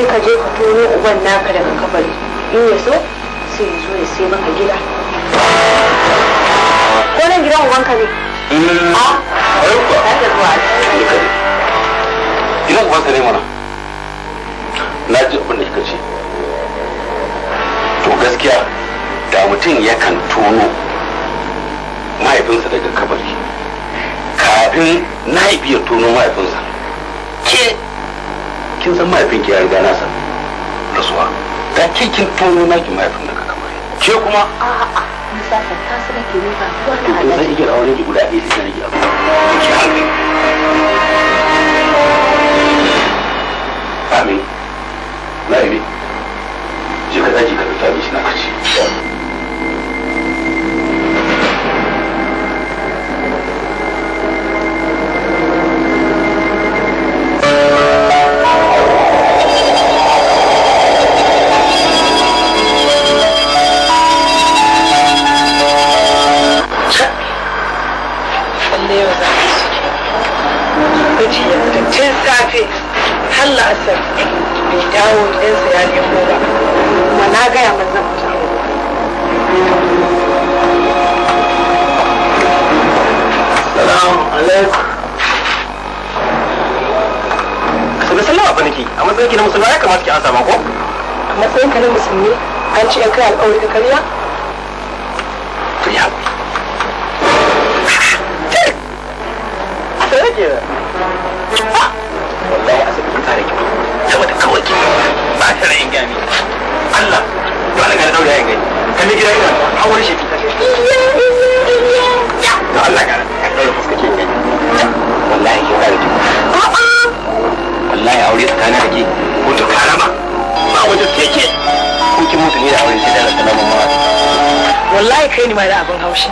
sai ka je ka tono uban naka daga kabari in ya so sai ya zo ya sai maka gida ko nan gidan uban eh. ah? eh, ka ne a da ka a ne mana na ji abin da kika ce to gaskiya da mutum yakan tono mahaifinsa daga kabari kafin na ibi ya tono mahaifinsa ke kin san mahaifin ki ya riga na san rasuwa Da ke kin tono na ki mahaifin ka kamar ke kuma a'a a ka ta su nake ne ba ko ta halala zan iya rawa ne guda biyu sai ki abu ki halin amin na ibi je ka daji ka tafi shi na kace safe har la'asar bai dawo gidansa ya nemo ba kuma na gaya mazan Salamu alaikum. Asibi sallama ba nake, a matsayin ki na musulma ya kamata ki ansa ma ko? A matsayin ka na musulmi an ci in kai alƙawari ka karya? ashirin in gami Allah to Allah gani daure ya gani kan ni gida ina hawar shi to Allah gani ya daure fuska ke gani wallahi ki kare wallahi aure tsakanin da ke ko to karama ba wajen keke ko kin mutu ne da aure sai da sallama mawa wallahi kai ni ma da abin haushi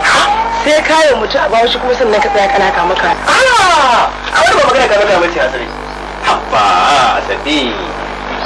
sai kayan mutu a bawo shi kuma sannan ka tsaya kana kama ka ah! a wani ba magana ka maka mace hasari habba asadi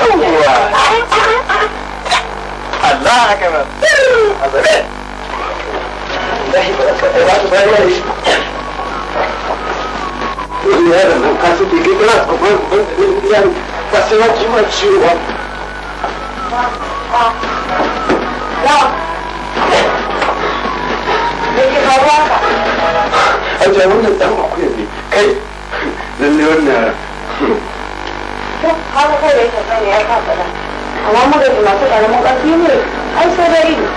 هو الله كمان Era, no caso, eu peguei pela mão, passei lá de uma tiro, ó. Ajiya wannan dan akwai ne, kai, lalle wannan kaga kai da yake masu karamin ƙarfi ne ai sai da ido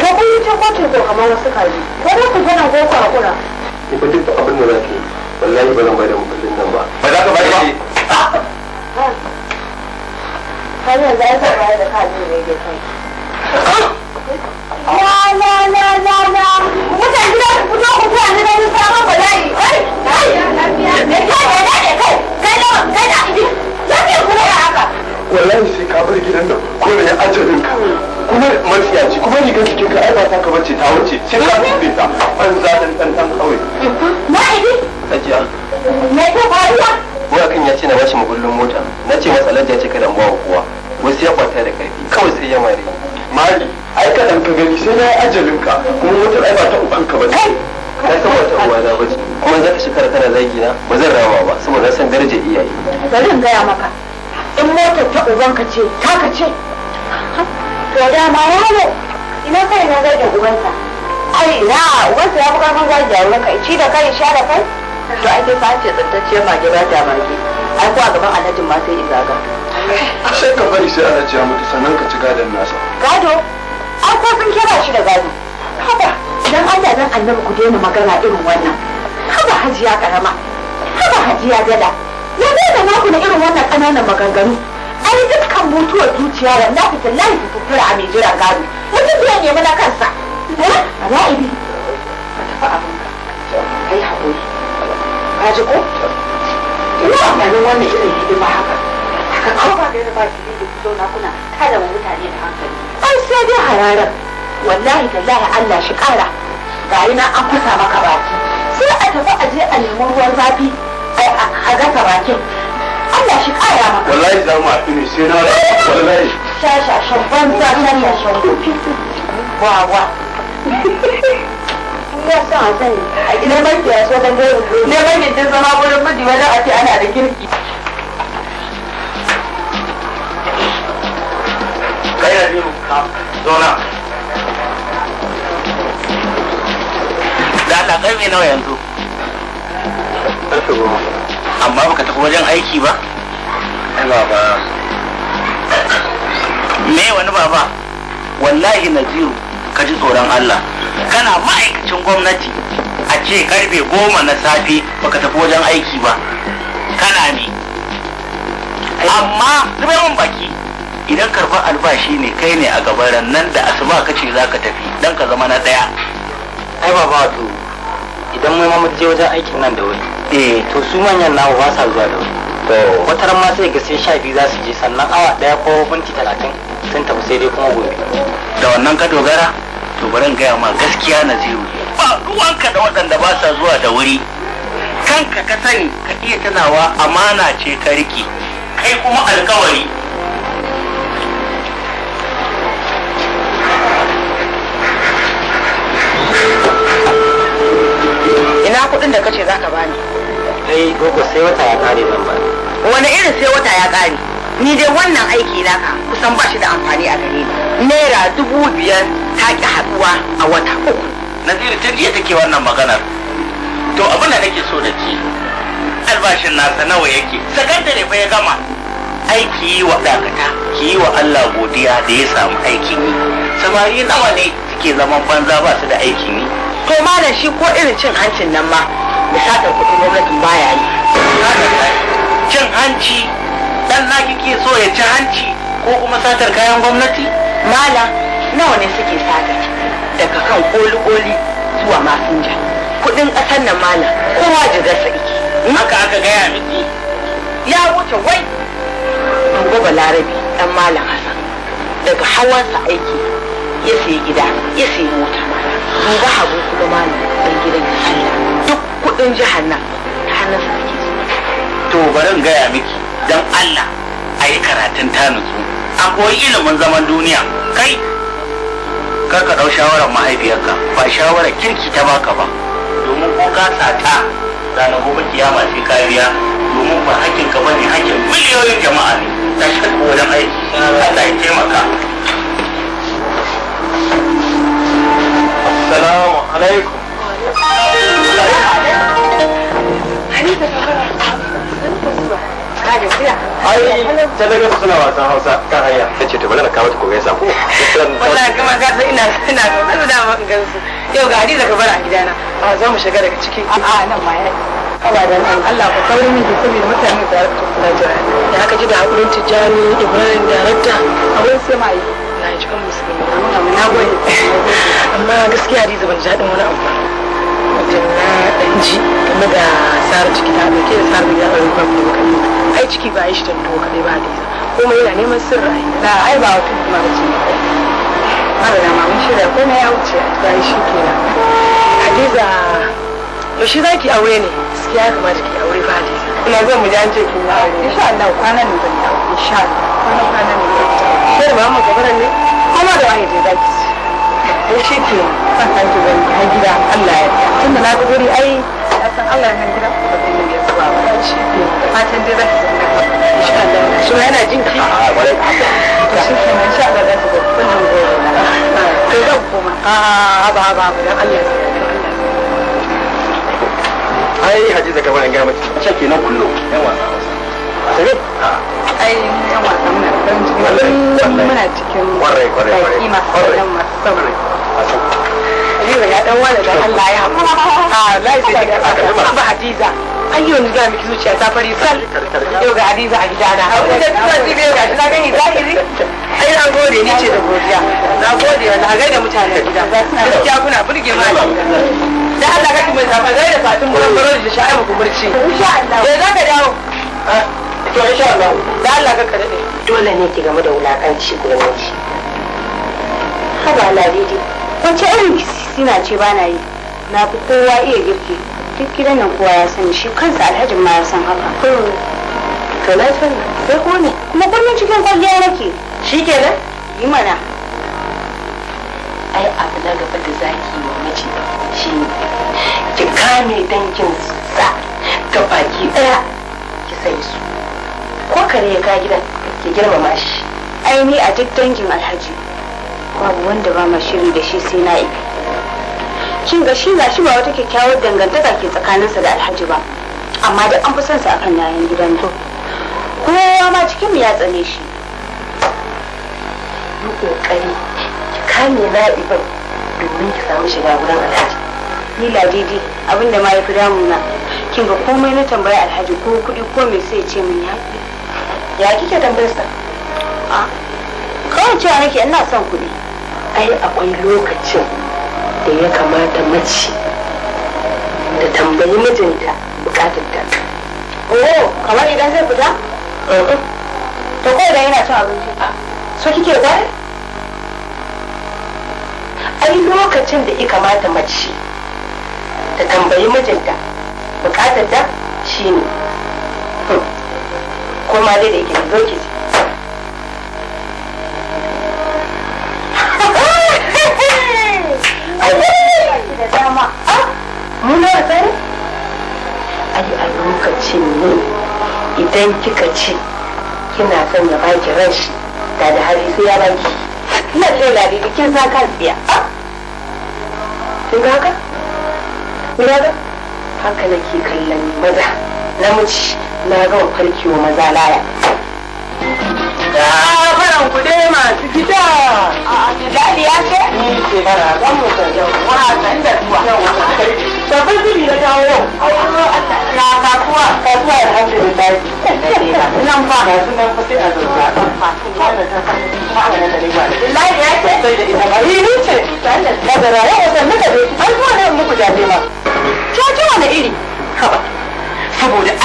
to kun yi ko kamar wasu kaji ko da ku gana ko ku hakura ni ba abin da za ki wallahi ba zan bai da mukullin nan ba ba za ka bai ba har yanzu ai sai da kaji ne yake wallahi sai ka bar gidan nan ko da ya ajalin ka kuma matsiyaci ta ta wuce sajiya me ya ce na bashi magullin mota na ce masa lajja ce ka dan bawa kowa wasu ya kwata da karfi kawai sai ya mare mali ai ka dan ka gani sai na yi ajalin ka kuma wata ai ba ta uban ba ce ka san wata uwa na ba kuma za ka shekara tana zagi na ba zan rama ba saboda na san darajar iyaye bari in gaya maka in motar ta uban ka ce taka ce to da ma yaro ina kai na zagin ubansa ai ina? ubansa ya fi karfin zagi a wurin ka ci da kai sha da kai to ai sai ka ce tsantacciyar mage ba ta mage ai kuwa gaban alhajin ma sai izaga sai ka bari sai ana ciya mutu sannan ka ci gadon nasa gado an ko sun kira shi da gado haba dan Allah dan annabi ku daina magana irin wannan haba hajiya karama haba hajiya dala ya daina da naku na irin wannan ƙananan maganganu ai dukkan mutuwar zuciya ran na fitin layi fitufura a mai jiran gado mutum zai nemi na kansa ra'ibi eh? ka tafi abinka kai haƙuri ka ji ko ina amfanin wannan irin hidima haka ka koma da yana ba ki da ku na kuna kada wa mutane da hankali ai sai dai hararar wallahi tallahi Allah shi kara gari na an kusa maka baki sai a tafi a je a nemi ruwan zafi a gasa bakin Allah shi kara maka wallahi za mu haɗu ne sai na wallahi shasha shabban za shasha shabban wawa ya sa zan a gidan mafiya so dan gairu ne mai da zama gurin miji wajen a ce ana da kirki kai na biyu zauna da Allah karfe nawa yanzu amma baka tafi wajen aiki ba baba me wani baba wallahi naziru ka ji tsoron Allah kana ma'aikacin gwamnati a ce karfe goma na safe baka tafi wajen aiki ba kana ne amma zube baki idan karɓar albashi ne kai ne a gabaran nan da asuba ka ce za ka tafi don ka zama na ɗaya ai ba to idan mu ma je wajen aikin nan da wuri eh to su manyan nawa ba sa zuwa da wuri to wata ma sai ga sai sha biyu za su je sannan awa ɗaya ko minti talatin sun tafi sai dai kuma gobe da wannan ka dogara to bari in gaya ma gaskiya na zero ba ruwanka da waɗanda ba sa zuwa da wuri kanka ka sani ka iya tunawa amana ce ka riƙe kai kuma alkawari ina kuɗin da kace zaka bani ai eh, gogo sai wata ya kare zan ba wani irin sai wata ya kare ni dai wannan aiki naka kusan ba shi da amfani a gare ni naira dubu biyar ta ki haɗuwa a wata uku naziru tun jiya take wannan maganar to abin da nake so da ki albashin nasa nawa yake sakandare fa ya gama aiki yi wa dakata ki yi wa Allah godiya da ya samu aikin yi samari nawa ne suke zaman banza ba su da aikin yi to malam shi ko irin cin hancin nan ma da kudin gwamnatin baya yi cin hanci dan na kike so ya ci hanci ko kuma satar kayan gwamnati mala nawa ne suke sata daga kan koli-koli zuwa masinja kudin ƙasar nan mala kowa jigarsa iki Maka hmm? aka gaya miki ya wuce wai duba balarabi dan malam hassan daga hawansa aiki ya sayi gida ya sayi mota ni Habu hagu kuma malam dan gidan duk kuɗin jihar nan ta hannun sa take to bari in gaya miki dan Allah a yi karatun ta nutsu a koyi ilimin zaman duniya kai kar ka ɗau shawarar mahaifiyarka ba shawarar kirki ta baka ba domin ko ka tsata ranar gobe kiyama sai domin ba hakkin ka bane hakkin miliyoyin jama'a ne ta shaɗu wajen aiki Allah ya taimaka assalamu alaikum ai ta daga suna hausa ce ka ina ina da yau ga hadiza ka bar a gidana a za mu shiga daga a nan ma yayi Allah ka kawo min da saboda mutane da da aka ji da hakurin tijani ibrahim da rabta abin sai ma yi Allah ya cika musulmi na gode amma gaskiya Hadiza ban ji daɗin wani abu ba wajen na ɗan ji game da tsara ciki ta ɗauke da tsara ya ɗauki ba kuma kaɗai ai ciki ba ai shi tantuwa kaɗai ba Hadiza komai yana neman sirra da ai ba wata kuma ba ce ba da dama mun shirya ko na ya wuce ba shi kenan Hadiza yaushe za ki aure ne gaskiya ya kamata ki aure ba ne. ina zan mu jan ce kin aure insha Allah kwanan ne zan dawo insha Allah kwanan kwanan zan sai ba mu gabaran ne kuma da wani zai za to shi ke san kan ki zan yi gida Allah ya yarda tunda na ga guri ai a san Allah ya gida ba zan yi zuwa ba shi ke fatan dai za ki zan Allah so yana jin ki ah, ah, to shi ke Allah za ki ga kullum to zan koma a ba ba dan Allah ai hadiza kamar an gaya mata can kenan kullu yan wasa wasa sabi ai yan wasa muna dan jikin muna cikin kwarai kwarai kwarai masu kwarai masu sauri Hadiza ya dan wani da Allah ya hamu. A laifin da aka zama ba Hadiza. An yi wani gami zuciya ta fari sal. Yau ga Hadiza a gidana. A wani da zuwa ga shi na gani zahiri. Ai na gode ni ce da godiya. Na gode wani a gaida mutane gida. Gaskiya kuna burge ma. da Allah ka mai zafa zai da fatin buran buran da sha'ibu kumurci insha Allah sai zaka dawo to insha Allah da Allah ka kare dole ne ki game da wulakanci gurbanci haba ladidi wace irin sina ce ba na yi na fi kowa iya girki duk gidan nan kowa ya sani shi kansa alhajin ma ya san haka hmm. to na sani sai ko ne kuma kullum cikin kwalliya nake shi ke kenan yi mana ai abu na gaba da zaki yi mace shi ki kame dangin sa ga baki daya ki sai su ko kare ya ka gidan ki girmama shi aini a duk dangin alhaji babu wanda ba ma shiri da shi sai na ibi kin ga shi gashi ba wata kyakkyawar dangantaka ke tsakaninsa da alhaji ba amma da an fi son sa akan yayan gidan to kowa ma cikin ya tsane shi yi kokari ki kame na domin ki samu shiga gurin alhaji ni ladidi abinda ma ya fi damuna kin ga komai na tambaya alhaji ko kuɗi ko me sai ce min ya ya kike tambayarsa a kawai cewa nake ina son kuɗi ai akwai lokacin da ya kamata mace da tambayi mijinta bukatar ta oh kamar idan zai fita to ko da yana cin abinci so kike gwai ai lokacin da ya kamata mace ta tambayi mijinta bukatar ta shi ne ko ma dai da yake da doki ai a lokacin ne idan kika ce kina son ya baki ran shi da da hari sai ya baki ina ce lalita kin sa kan tsiya kin ga haka kula ba haka nake kallon maza namiji na gama farkewa maza laya Gafaran kuɗe masu gida. A daɗi ya ce? Ni ce kara zan mu sarjan wa san da zuwa. Babban zubi na dawo yau. Na kasuwa. Kasuwa ya hanzu da daji. Nan fa. Ga su nan fa na da zauka. Lahi ya ce? Sai da ita ba. Ni ce. ta zara. yau wasan muka je.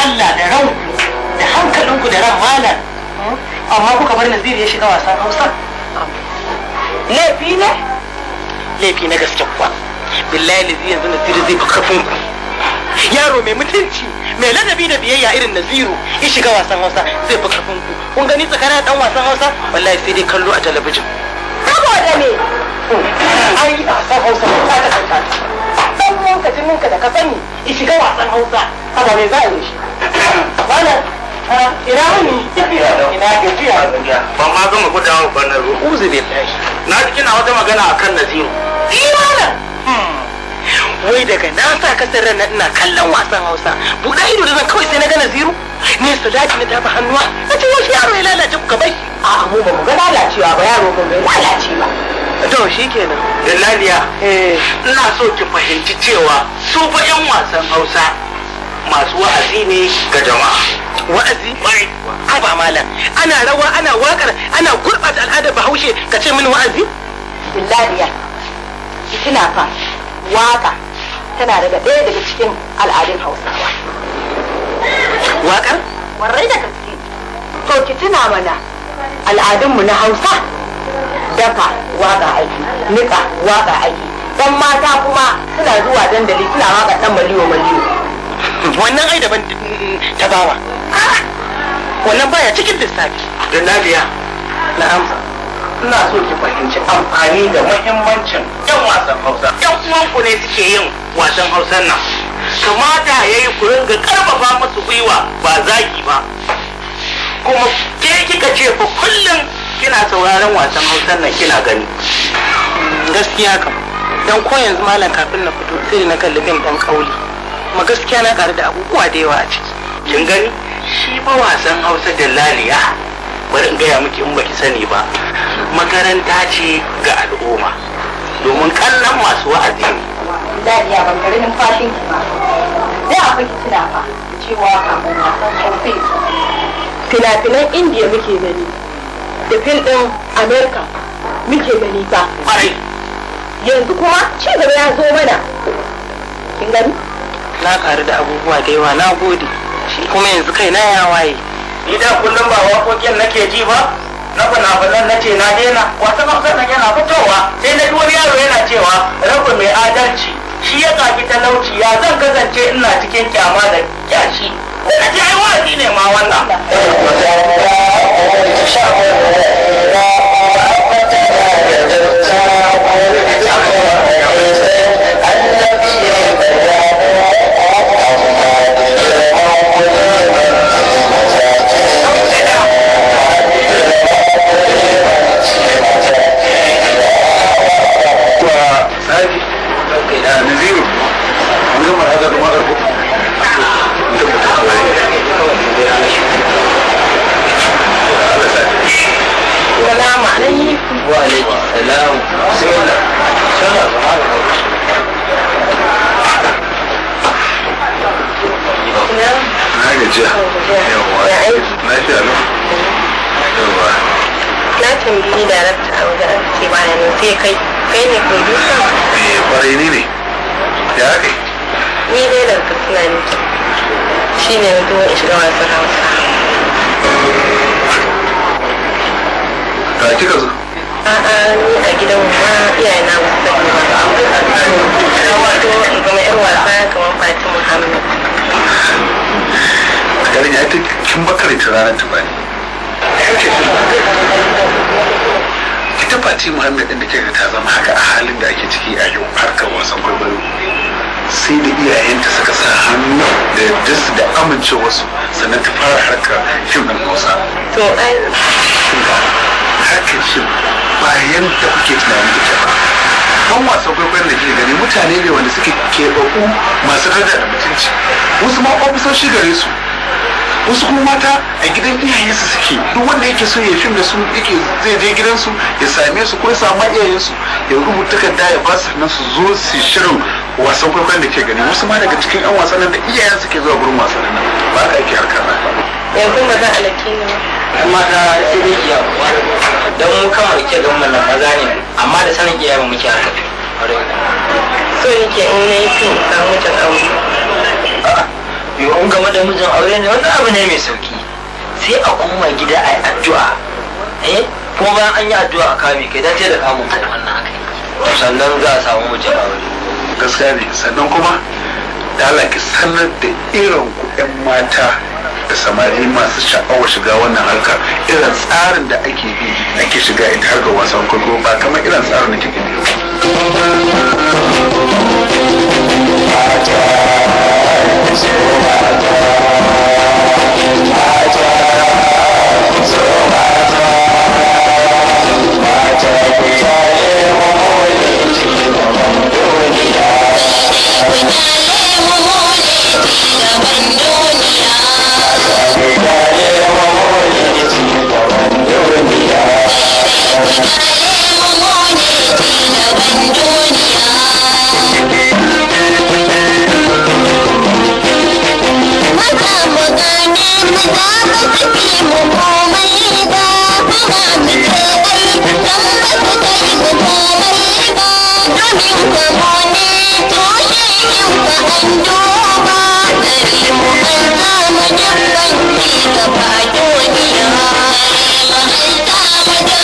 Allah da ranku da hankalinku da ran malam amma kuka bar naziri ya shiga wasan hausa laifi ne laifi na gaske kuwa billahi naziri yanzu naziri zai fi kafin ku yaro mai mutunci mai ladabi da biyayya irin naziru ya shiga wasan hausa zai fi kafin ku kun gani tsakanin dan wasan hausa wallahi sai dai kallo a talabijin saboda me ai wasan hausa ba ta kanta san mun ka jinin ka da ka sani ya shiga wasan hausa saboda me za a yi shi Malam, ah, ina wani? Ina gajiya. Ban ma gama gudawa wa ɓarnar uzu bai tashi. Na ji kina wata magana a kan Naziru. Ni eh, malam. Hmm. Wai daga na sa kasar ran ina kallon wasan Hausa. Buɗa ido da zan kawai sai na ga Naziru. Ne su dace na tafi hannuwa. Na ce wasu yaro ya lalace kuka bai. A'a mu ba mu ga lalacewa ba yaro ba bai lalace to shi kenan da eh. ina so ki fahimci cewa su fa yan wasan hausa masu wa'azi ne ga jama'a wa'azi ba malam ana rawa ana wakar ana gurɓata al'adar bahaushe ka ce min wa'azi billahiya tuna fa waka tana daga ɗaya daga cikin al'adun hausawa wakar Warai da gaske to ki tuna mana al'adunmu na hausa dafa waka aiki niƙa waka aiki dan mata kuma suna zuwa dandali suna waka ɗan maliyo maliyo wannan ai daban mm, ta bawa ah! wannan baya cikin lissafi da nadiya na'am ina so ki fahimci amfani da muhimmancin yan wasan hausa yan uwanku ne suke yin wasan hausa nan kamata ya yi ku ringa karfafa musu gwiwa ba zaki ba kuma ke kika ce fa kullum kina sauraron wasan hausa nan kina gani gaskiya kam don ko yanzu malam kafin na fito sai na kalli bin dan kauli kuma gaskiya na ƙaru da abubuwa da yawa a ciki kin gani shi ba wasan hausa da laliya bari in gaya miki in baki sani ba makaranta ce ga al'umma domin kallon masu wa'azi ne laliya ban gari numfashin ki ba da akwai ki tuna ba cewa kafin wasan hausa fina-finan indiya muke gani da fil ɗin america muke gani ba yanzu kuma ci gaba ya zo mana kin gani na karu da abubuwa da yawa na gode kuma yanzu kai na ya waye idan kullum ba waƙoƙin nake ji ba na fina na ce na daina wata maksanan yana fitowa sai na ji wani yaro yana cewa rabu mai adalci shi ya ƙafi talauci ya zan kasance ina cikin kyama da kyashi wani ce ai wa'azi ne ma wannan ke tunani da jama'a ban wasan kwaikwayon da ke gani mutane ne wanda suke keɓaɓɓu masu daraja da mutunci wasu ma ofisoshi gare su wasu kuma mata a gidan su suke duk wanda yake so ya fim da su yake zai je gidansu ya same su ko ya samu iyayensu ya rubuta takarda ya ba su su zo su shirin wasan kwaikwayon da ke gani wasu ma daga cikin 'yan wasan nan da iyayen suke zuwa gurin wasan nan ba ka ake harkar yanzu ba za a lake ne yan mata sai dai iya don mu kama da ke gan wannan maza ne amma da sanin iya ba muke haka so yake in na yi fin ka mutu aure yawon game da mijin aure ne wani abu ne mai sauki sai a koma gida a yi addu'a eh ko bayan an yi addu'a a kame kai dace da kamun ka da wannan haka sannan za a samu mijin aure gaskiya ne sannan kuma da Allah ki sanar da irin ku mata da samari masu sha'awar shiga wannan harka irin tsarin da ake bi ake shiga ita harkar wasan kwallo ba kamar irin tsarin da kike biyo Yeah. Bye.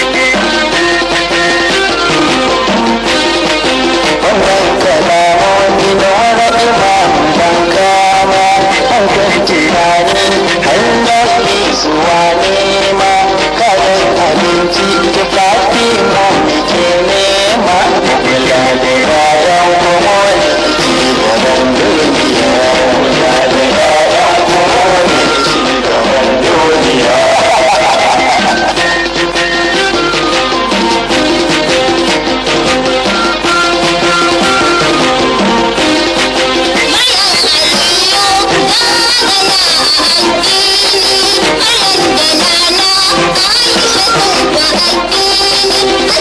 India you.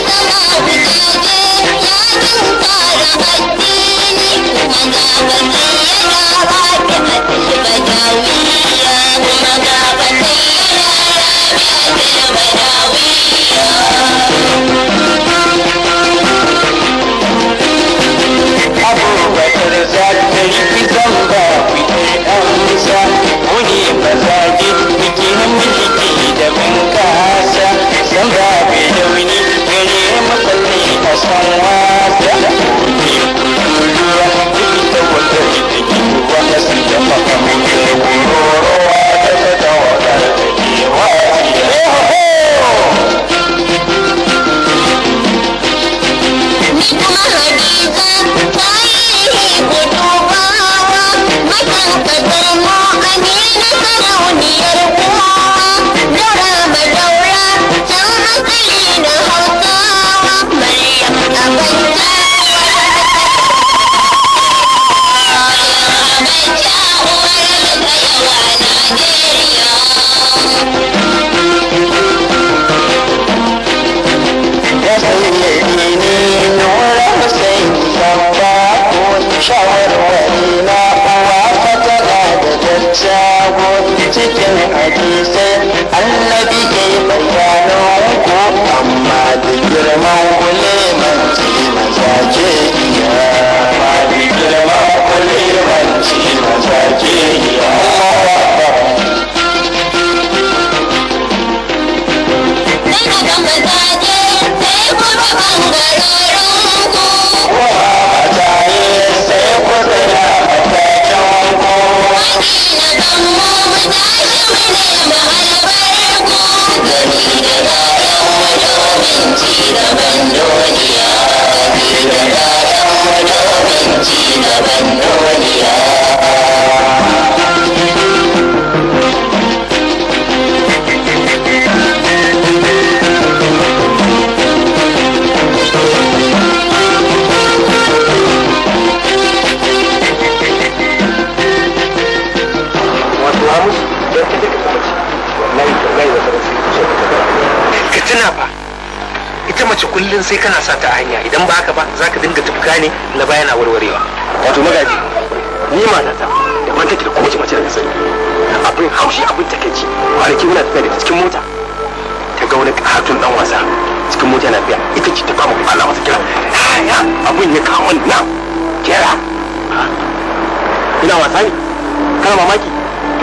cikin hadisai annabi ke bayanin ku amma da girma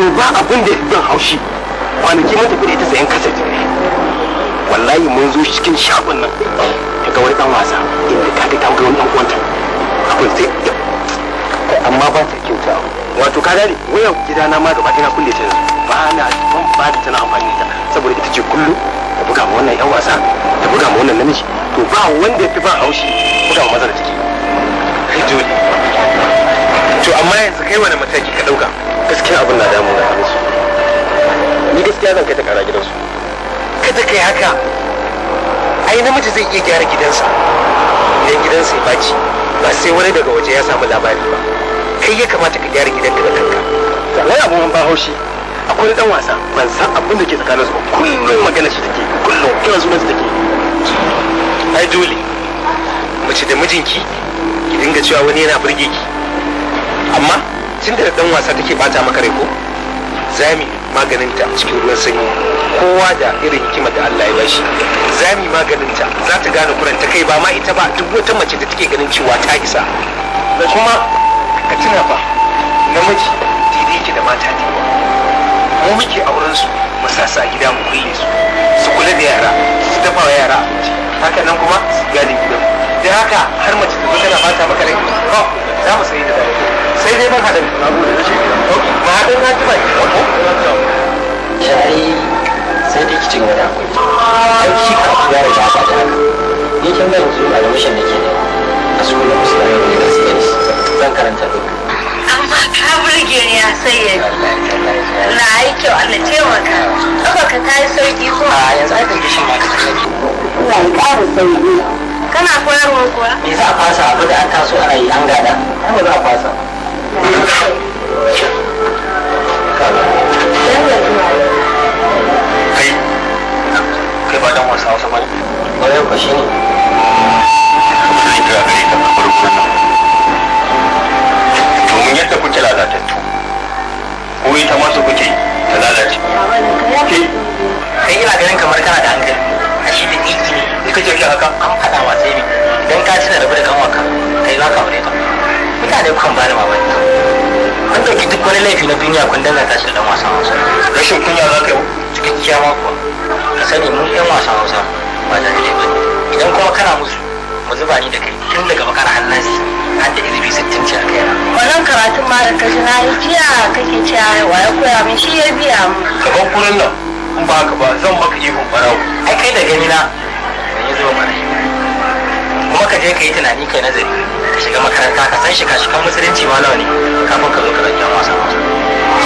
to ba abin da zan haushi kwanaki mun tafi da ita sayan kaset wallahi mun zo cikin shagon nan ya ga wani dan wasa inda ka ga tawo wani dan uwanta abin sai amma ba ta kyauta wato ka gane wayan gidana ma gaba ina kulle ta ba na ban ba da tana amfani da saboda ita ce kullum ta buga ma wannan yan wasa ta buga ma wannan namiji to ba wanda ya fi ba haushi buga ma maza da ciki to amma yanzu kai wani mataki ka ɗauka. gaskiya abin na damu na hannun su ni gaskiya zan kai ta kara gidansu kada kai haka ai namiji zai iya gyara gidansa idan gidansa ya baci ba sai wani daga waje ya samu labari ba kai ya kamata ka gyara gidanka da kanka wani abu mun haushi akwai dan wasa ban san abin da ke su ba kullum magana shi take kullum kira sunan su take ai dole mace da mijinki ki dinga cewa wani yana burge ki amma tun da dan wasa take bata maka rai ko zami maganin ta cikin ruwan sanyi kowa da irin hikimar da Allah ya bashi zami maganin ta za ta gane kuranta kai ba ma ita ba duk wata mace da take ganin cewa ta isa da kuma ka tuna fa namiji daidai yake da mata ne mu muke auren su mu sasa gida mu kulle su su kula da yara su dafa wa yara haka nan kuma su gadin da haka har mace ta tana bata maka rai ba za mu sai da sai dai ban hada na gode da shi ma hada na ji ba wato shari sai dai kicin wani akwai shi ka ya rage da haka da haka ni kin ga yanzu a lokacin da ke da a zuwa da musulmi da su zan karanta duk amma ka burge ni a sai ya na yi kyau Allah taimaka ka ta yi sauki ko a yanzu aka yi shi ma ka tsaki ina yi ƙarin sauki kana koyarwa kuwa me za a fasa abu da an taso ana yi an gada ai ba za a fasa kai kai ba dan wasa wasa bane ba shi ne. shine kai ka kai ta farko nan domin yadda kuke lalatattu ko ita masu kuke ta lalace kai ina ganin kamar kana da hankali a shi da iki ne da kake rike akan an faɗa wa sai ne dan ka ci da rabu da kanwaka kai za ka aure ta mutane kukan ba da mamaki an ɗauki duk wani laifi na duniya kun danna ta shi dan wasan hausa rashin kunya za ka yi cikakkiya ma kuwa ka sani mun ɗan wasan hausa ba da ne ba idan kuma kana musu mu zuba ni da kai tun daga bakar hannasi har da ilibi sittin ce a kai na. wannan karatun ma da kashi na yi jiya kake cewa wa ya koya min shi ya biya mu ka ban kurin nan in ba ka ba zan maka ihun barawo ai kai da gani na ya zo mana kuma ka je ka yi tunani kai nazari ka shiga makaranta ka san shi ka shiga musulunci ma nawa ne kafin ka zo ka ɗauki wasa wasa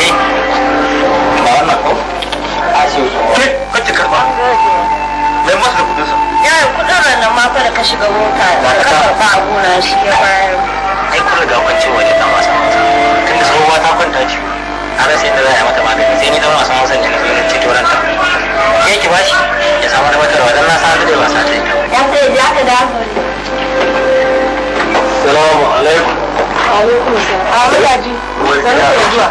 eh ba wannan ko a ce ka ta karba mai masu da kudinsa yayi kudin ranar ma fa da ka shiga mota da ka ba a gona shi ya bayar ai kun ga kun wani ɗan wasa wasa tunda sauwa ta kwanta ciwo a rasa yadda za a yi mata magani sai ni zama masu hausan da na ci turanta ke ki bashi ya samu tabbatarwa don na sa da ba sa ta yi ya sai ya ka da salamu alaikum alaikum salam a wani yaji sanin da zuwa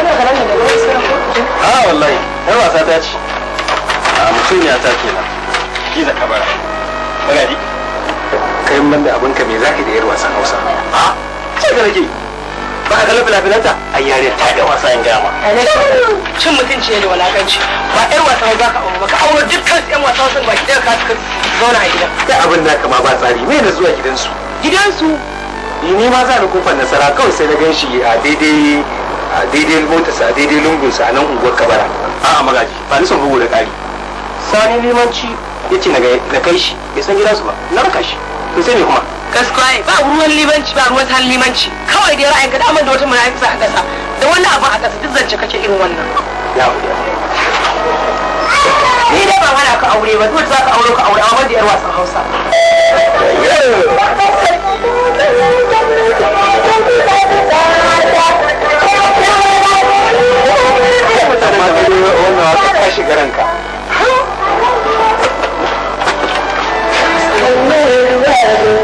ana garan da gaba sai ko a ah, wallahi yar wasa ta ce a ah, mutum ya ta kenan ki da kabara magadi kai mun da abinka me zaka da yar wasan Hausa a ah, ce ga nake ba ka kallon filafinanta yi yare ta da wasa yin gama cin mutunci ne da walakanci ba yar wasa ba ka aure ba ka aure dukkan yan wasa wasu ba ki daga ka zauna a gidan sai abin na kama ba tsari me na zuwa gidansu gidansu ni ma za ni kofar nasara kawai sai na ganshi a daidai a daidai motarsa a daidai lungunsa a nan unguwar kabara a'a magaji ba ni son bugu da ƙari sani limanci ya ce na kai shi ya san gidansu ba na raka shi to sai ne kuma gaskiya ba ruwan limanci ba ruwan halin limanci kawai dai ra'ayin ka da da wata mara sa a kasa da wani abu a kasa duk zance kake irin wannan ni dai ba hana ka aure ba dole za ka aure ka aure amma da yar wasan Hausa Thank you.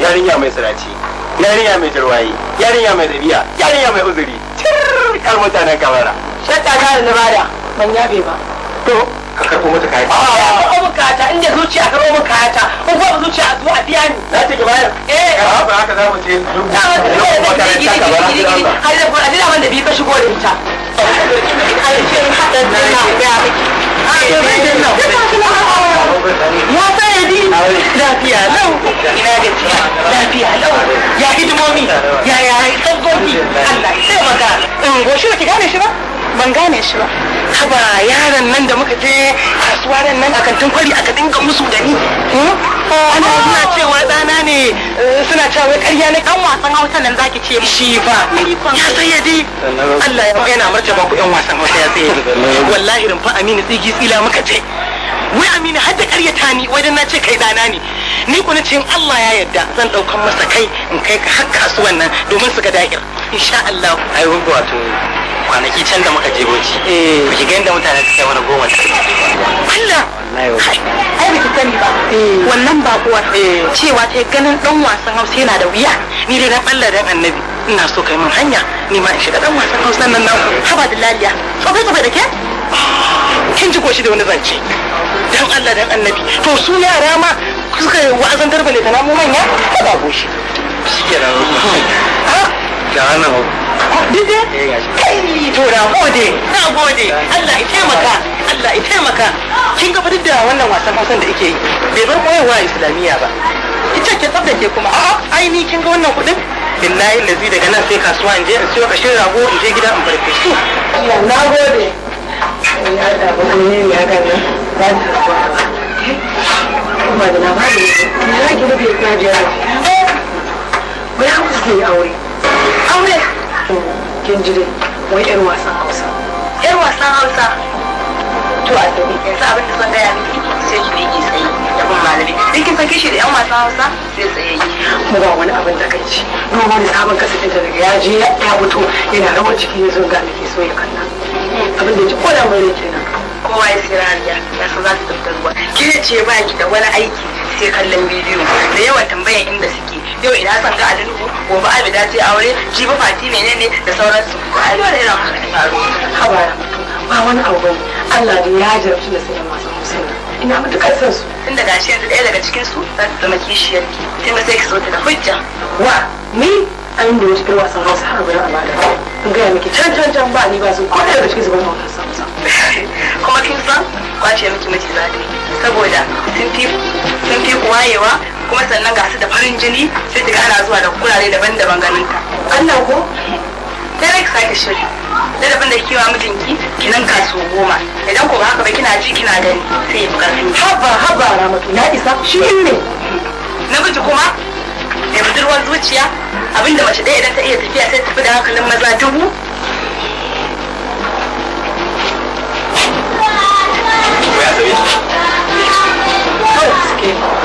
yarinya mai siraci yarinya mai jirwaye yarinya mai dabiya yarinya mai uzuri tir kar mutanen kamara Shatta ta da bada ban yabe ba to ka karɓo mata kayan ta ah, a karɓo min kayata inda zuciya karɓo min kayata ko kuma zuciya a zuwa biya ni za ta ki bayar eh ba haka za mu ce duk da wata da wata da ta gaba gidi gidi Allah har da kuma da bi ka shigo da ita ai ce hada da na ga ya sayyadi lafiya lau ina da ciya lafiya lau ya hidimomi ya ya sabbobi Allah sai maka in goshi ba ki gane shi ba ban gane shi ba haba yaran nan da muka je kasuwa nan a kantin kwari aka dinga musu da ni ana suna cewa ɗana ne eh, suna cewa karya ƙarya ne ɗan wasan hausa nan zaki ce mu shi fa ya sayyadi Allah ya yana martaba ku ƴan wasan hausa ya sayyadi wallahi rumfa aminu tsigi tsila muka ce wai amina har da karyata ni wajen na ce kai dana ne ni kuna ce Allah ya yarda zan daukan masa kai in kai ka har kasuwan nan domin su ga da'ir insha Allah ai rubu wato kwanaki can da muka je goci eh ki ga inda mutane suke wani goma ta Allah wallahi ai ki sani ba eh. wannan ba eh cewa ta ganin dan wasan Hausa yana da wuya ni dai na ballar dan annabi ina so kai min hanya ni ma in shiga dan wasan Hausa nan na haba da laliya tsobe tsobe da ke kin ji shi da wani zance dan Allah dan annabi to su yara ma suka wa'azan darba ne tana mu manya ba ba goshi shikenan ha ga ana ho dide kai to na gode na gode Allah ya taimaka Allah ya taimaka kin ga fadin da wannan wasan Hausan da ike yi bai bar koyarwa Islamiyya ba ita ke tsabtace kuma a'a ai ni kin ga wannan kudin billahi lazi daga nan sai kasuwa in je in siyo kashin rago in je gida in farfesu Allah na gode ya da bakwai ne ya gana ba da kuma da labari ne ya ki rufe ta jira wai an kusa yi aure aure kin jire wai yar wasan hausa yar wasan hausa to a sabi yanzu abin da zan gaya miki sai ki yi tsaye da malami in kin da yan wasan hausa sai tsaye kuma ba wani abin da kai ci wani sabon kasafin da daga ya je ya fito rawar ciki ya zo ga miki so ya kalla abin da ki koda mai rai kenan kowa ya sai rariya ya san za su tafi ruwa ki ce ba ki da wani aiki sai kallon bidiyo da yawan tambayan inda suke yau ina son ga alinuhu gobe abi da ce aure jibi fati menene da sauransu ko ai dole irin haka ta faru haba ba wani abu bane Allah ne ya jarabtu da sai masu musulmi ina matukar son su tunda gashi yanzu ɗaya daga cikin su za su zama kishiyar ki sai sai ki so ta da hujja wa ni an da wata kirwa san wasu har gudan abada gaya miki can can can ba ni ba su ko da daga cikin zubar mawata samsa kuma kin san kwace miki miji za ta yi saboda sun fi wayewa kuma sannan ga su da farin jini sai ta kara zuwa da kurare daban-daban ganin ka Allah ko sai rai sake shiri da daban da kiwa mijinki ki nan kaso goma idan ko haka ba kina ji kina gani sai ya fi karfin haba haba ramatu ya isa shi ne namiji kuma da budurwar zuciya abinda mace ɗaya idan ta iya tafiya sai tafi da hankalin maza dubu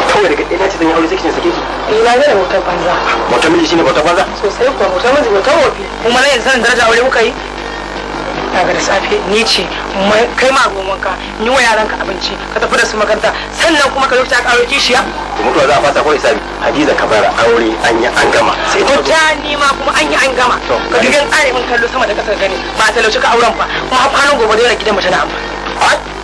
kawai daga ɗaya ce zan yi aure sai ki sake ki ina eh, ne motar banza motar miji shine motar banza sosai kuwa motar miji motar wofi kuma na yanzu sanin daraja aure kuka yi daga da safe ni ce kai ma goman ka ni wa yaranka abinci ka tafi da su makanta sannan kuma ka lokaci a karo kishiya to mutuwa za a fata ko sabi hadiza ka bara aure an yi an gama sai ta ta ni ma kuma an yi an gama ka gidan tsare mun kallo sama da kasar gani ba talauci ka auren ba kuma har kwanan gobe da gidan mace na amfani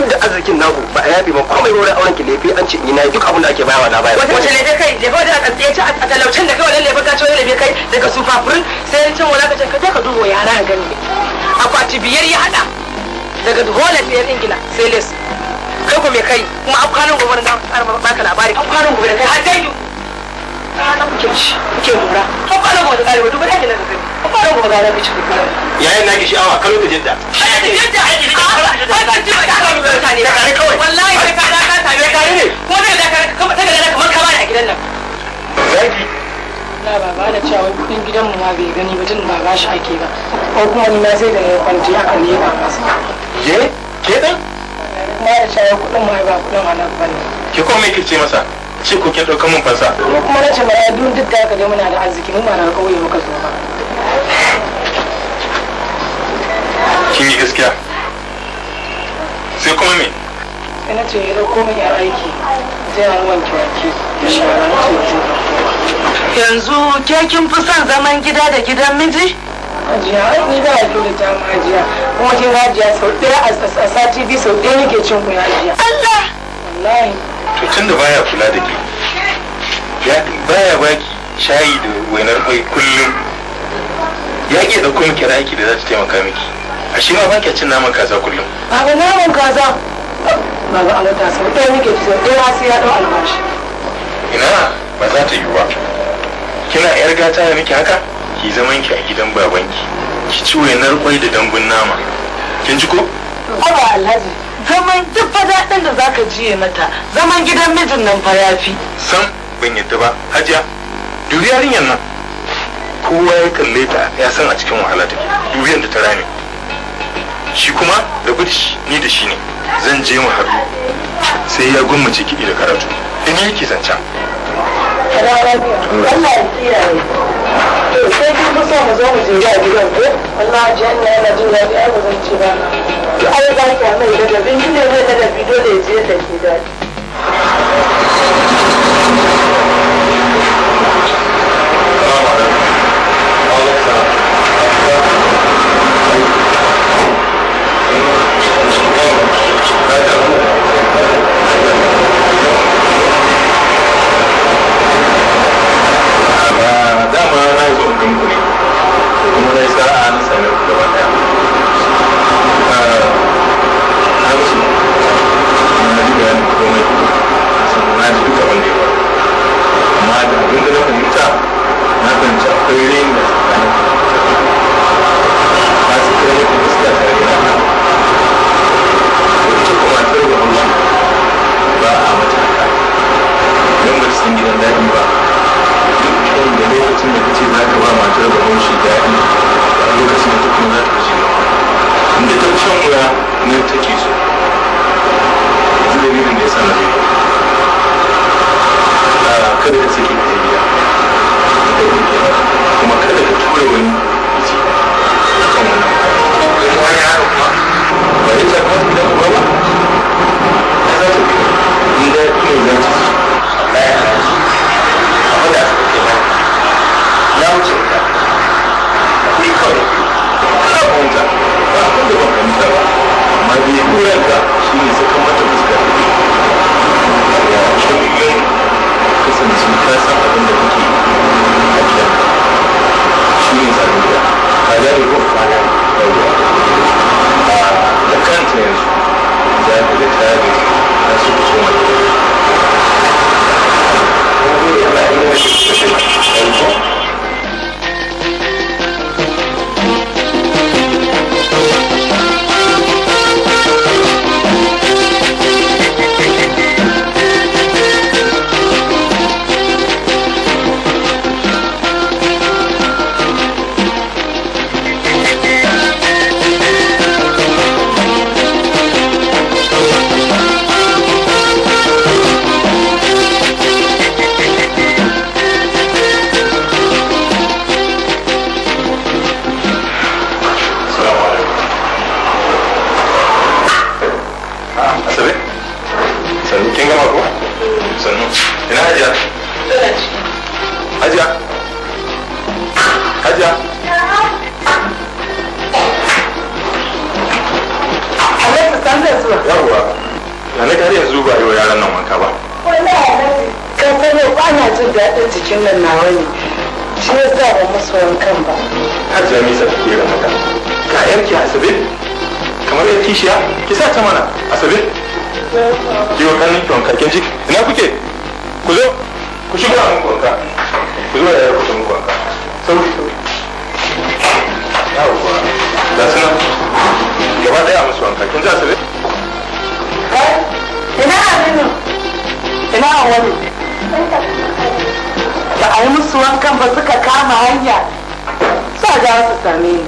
duk da arzikin naku ba a yafe ba komai wurin auren ki lefe an ce ina duk abin da ake bayarwa na bayar wata lefe kai lefe da aka tsaye a talaucin da kai wannan lefe ka ci wani lefe kai daga sufafurin sai can wala ka ce ka je ka dubo yara a gani akwati biyar ya haɗa daga holland biyar ingila sai les kai ku me kai kuma akwanin gobe na baka labari akwanin gobe da kai har dai mura nan gani yayin na ki sha'awa kallo ka jidda ai ki jidda ki jidda da ko da ta bani a gidan nan da cewa kudin ma bai gani ba tun ba bashi ake ba ko kuma ni na sai da ya kwanci haka ne ba masa ye ke dan kuma da cewa kudin ma ba kudin halal ne? Ke ko me kice masa shi kuke ɗaukar mun fansa. kuma na ce mara biyun duk da haka dai muna da arziki mun mara na ƙauye muka zo ba. Kin yi gaskiya. Sai kuma me? Sai na ce ya ɗauko mun yar aiki. Zai an wanke wanke da shara na ce Yanzu ke kin fi son zaman gida da gidan miji? ajiya ai ni ba kyau da ta ajiya kuma kin ajiya sau ɗaya a sati biyu sau ɗaya nake cin ku ajiya. Allah! Wallahi. to tunda da baya kula da ke baya baki shayi da wainar kwai kullum ya ke da kuma kira aiki da za ta taimaka miki a shi ma ba ki cin naman kaza kullum ga naman kaza baba an ta sau ɗaya nake ci sau ɗaya sai ya ɗau albashi ina ba za ta yi ba kina yar gata da miki haka ki zaman ki a gidan babanki ki ci wainar kwai da dambun nama kin ji ko? ba Alhaji zaman duk fadaɗin da zaka jiye mata zaman gidan mijin nan fa yafi san ban yadda ba hajiya duri yarinyar nan kowa ya kalle ta ya san a cikin wahala take duriyar da ta rame shi kuma da gudish ni da shi ne zan je mu haɗu sai ya gwammace kiɗi da karatu in yake zancan Allah ya kiyaye to sai duk ku so mu zo mu jira a gidan ko wallahi janna yana jin daɗi ai ba zan ci ba to ai ba ki mai daga bin ne mai da dole ya je ta ke daɗi ba matar da wani a lokacin da ta kuma za ta ji inda ta fi shan wuya ta ke so yanzu dalilin da ya sa na zai kada ka sake ta biya kuma kada ka tura wani biki kan wannan ba ya ta ba duniyarka shi ne sakamakon zuwa yawwa na har zuba ba yau yaran nan wanka ba wallahi ka sani kwana jin daɗin jikin nan na wani shi ya sa ba musu wankan ba hajiya misa ta kera mata ga yarki asabe kamar yar kishiya ki sa ta mana asabe ki wa kanin ki wanka kin ji ina kuke ku zo ku shiga mun wanka ku zo ya yi ku mun wanka sauri yawwa da sunan gaba daya musu wanka kin ji asabe Eh, ina aminu ina wani da a yi musu wankan ba suka kama hanya sa ga wasu same ni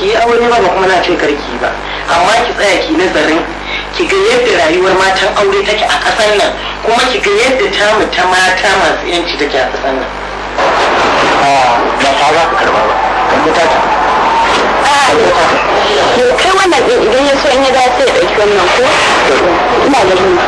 ki yi aure ba ba kuma na ce karki ba amma ki tsaya ki nazarin ki ga yadda rayuwar matan aure take a ƙasar nan kuma ki ga yadda tamu ta mata masu yanci take a ƙasar nan. Ah, ba za ku karba ba kan mu tata. Ah, kai wannan idan ya so in ya dace ya ɗauki wannan ko? ina da mun.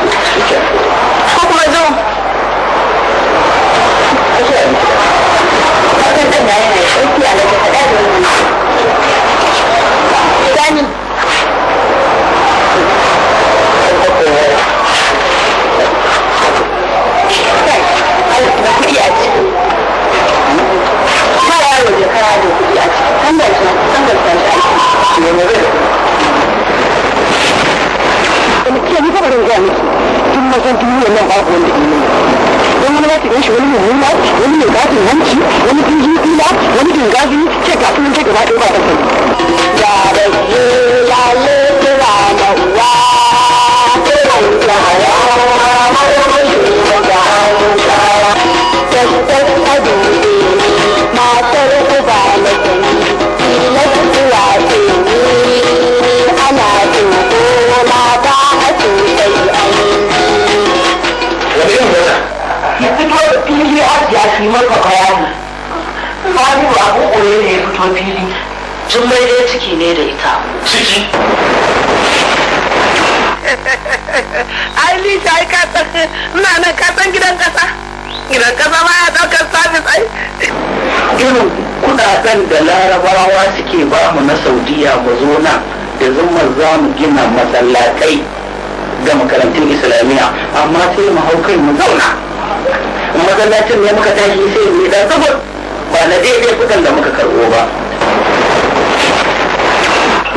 Allah shi an gaskiya shi matar uba na gani tilatu zuwa tuni ana tuko mata a sosai ainihi. Ki fito da fili ajiya ki maka bayani. Faru ƙure ne ya fito fili. dai ciki ne da ita. Ciki? Ai, ai, ina nan gidan kasa. Gidan kasa ba ya ɗaukar sabis ai. irin kudaden da larabawa suke ba mu na saudiya mu zo na, da zumar za mu gina masallatai da makarantun islamiyya amma sai mu hau kai mu zauna masallacin ne muka tashi sai mu yi dan ba na daidai kudan da muka karbo ba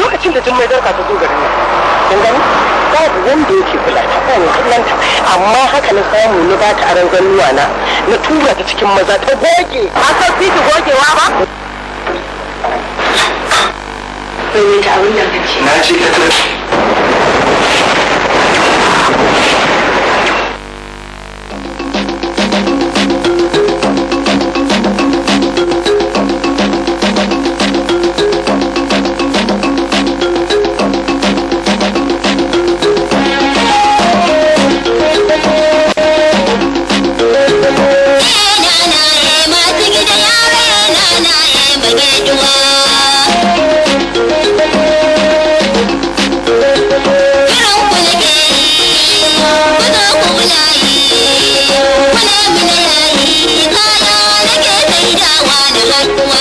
lokacin da jummai dauka ta zo garin nan kin gani babu wanda yake kula ta kan kallon ta amma haka na samu na ba ta aran zannuwa na na tura ta cikin maza ta goge ba ta fi ta gogewa ba bai ta abin da na ce ka I'm Thank you.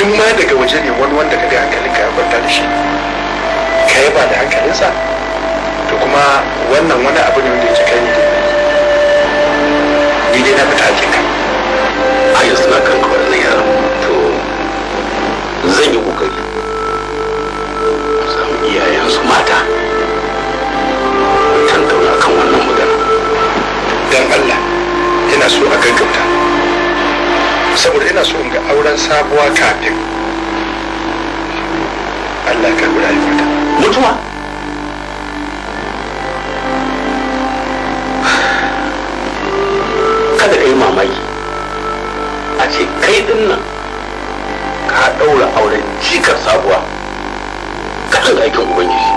in ma daga waje ne wani wanda ka ga hankalin ka kwanta da shi ka yi ba da hankalinsa to kuma wannan wani abu ne wanda ya kai ne ni dai na fita a hakinka a yanzu na kan kawai na yaran to zan yi kokari samu su mata tantauna kan wannan magana don allah yana so a gaggauta saboda ina so in ga auren sabuwa kafin Allah ka guda mata mutuwa kada ka yi mamaki a ce kai din nan ka ɗaura auren jikar sabuwa kaɗan da aikin ubangiji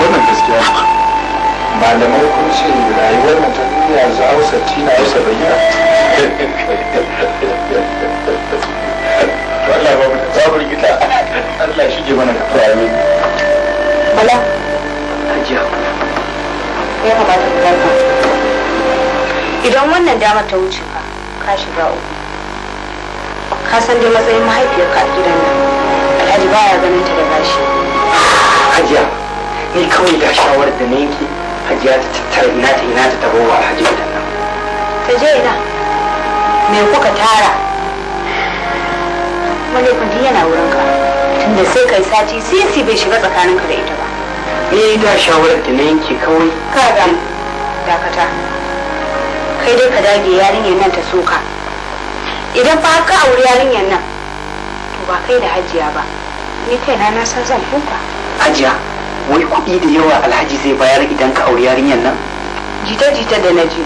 wannan gaskiya malaman kun ce rayuwar mutum yanzu hausa tina Allah ba mutu Allah shi ke mana kafa bala hajiya ya kamata ku zanta idan wannan dama ta wuce ka ka shiga uku ka san dai matsayin mahaifiyarka a gidan nan alhaji baya ganin ta da gashi hajiya ni kawai ga shawarar da na yanke hajiya ta tattara ina ta ta tabo wa alhaji gidan nan ta je ina me kuka tara malekun duk yana wurin ka tunda sai kai sati sisi bai shiga tsakaninka da ita ba eh da shawarar da na yanke kawai ka ga dakata kai dai ka dage yarinyar nan ta soka idan ba ka auri yarinyar nan to ba kai da hajiya ba ni kaina na san zan huka hajiya wai kuɗi da yawa alhaji zai bayar idan ka auri yarinyar nan jita-jita da na ji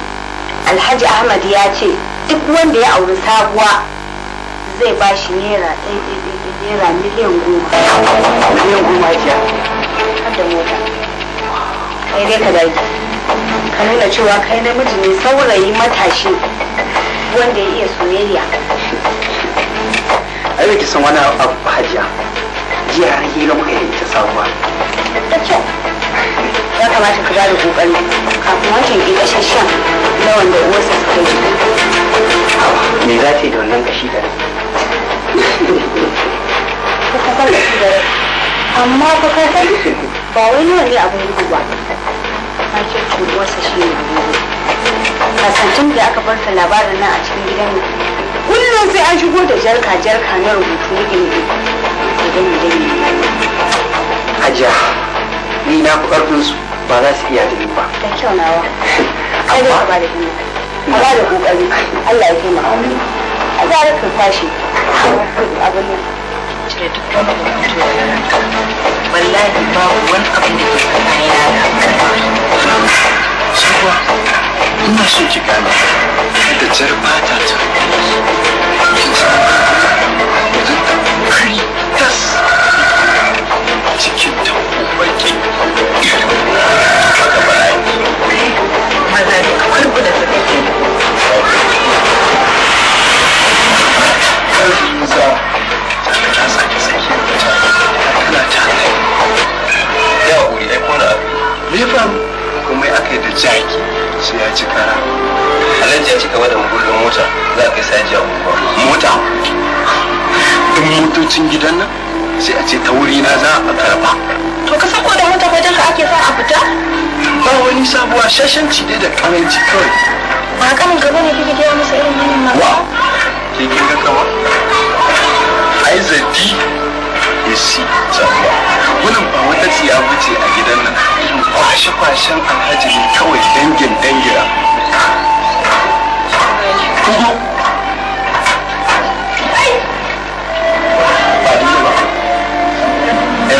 alhaji ahmad ya ce duk wanda ya auri sabuwa zai ba shi naira naira miliyan goma miliyan goma ya da mota kai dai ka daji ka nuna cewa kai namiji ne saurayi matashi wanda ya iya soyayya ai ki san wani abu hajiya jiya har hira muka yi ta sabuwa da kyau ya kamata ku da kokari kafin wancan shan na wanda uwarsa suka yi me za ta yi da wannan kashi da Ka da amma fa ka san ba wai nawa ne abin gudu ba ka ce uwarsa shi ne kasancin da aka bar ta labarin nan a cikin gidan nan kullum sai an shigo da jarka jarka na rubutu ne hajiya ni na fi karfin su ba za su iya da ba da kyau sai dai ba da himma a ba da kokari Allah ya taimaka amin a za a rika kwashi abin nan cire dukkan wallahi babu wani abin da ke tsakanina da zuwa ina so ki gane da jar bata ta tas ci alhaji ya da mota za ka yi mota sauran motocin gidan nan sai a ce ta wuri na za a karba to ka sako da mota wajen ka ake sa a fita ba wani sabuwa shashan ci da karanci kawai ba kanin gaba ne kike gaya masa irin wannan ma. wa ke kin ga kawa ai zadi ya ta sabuwa wannan ba wata tsiya bace a gidan nan kwashe-kwashen alhaji ne kawai dangin dangira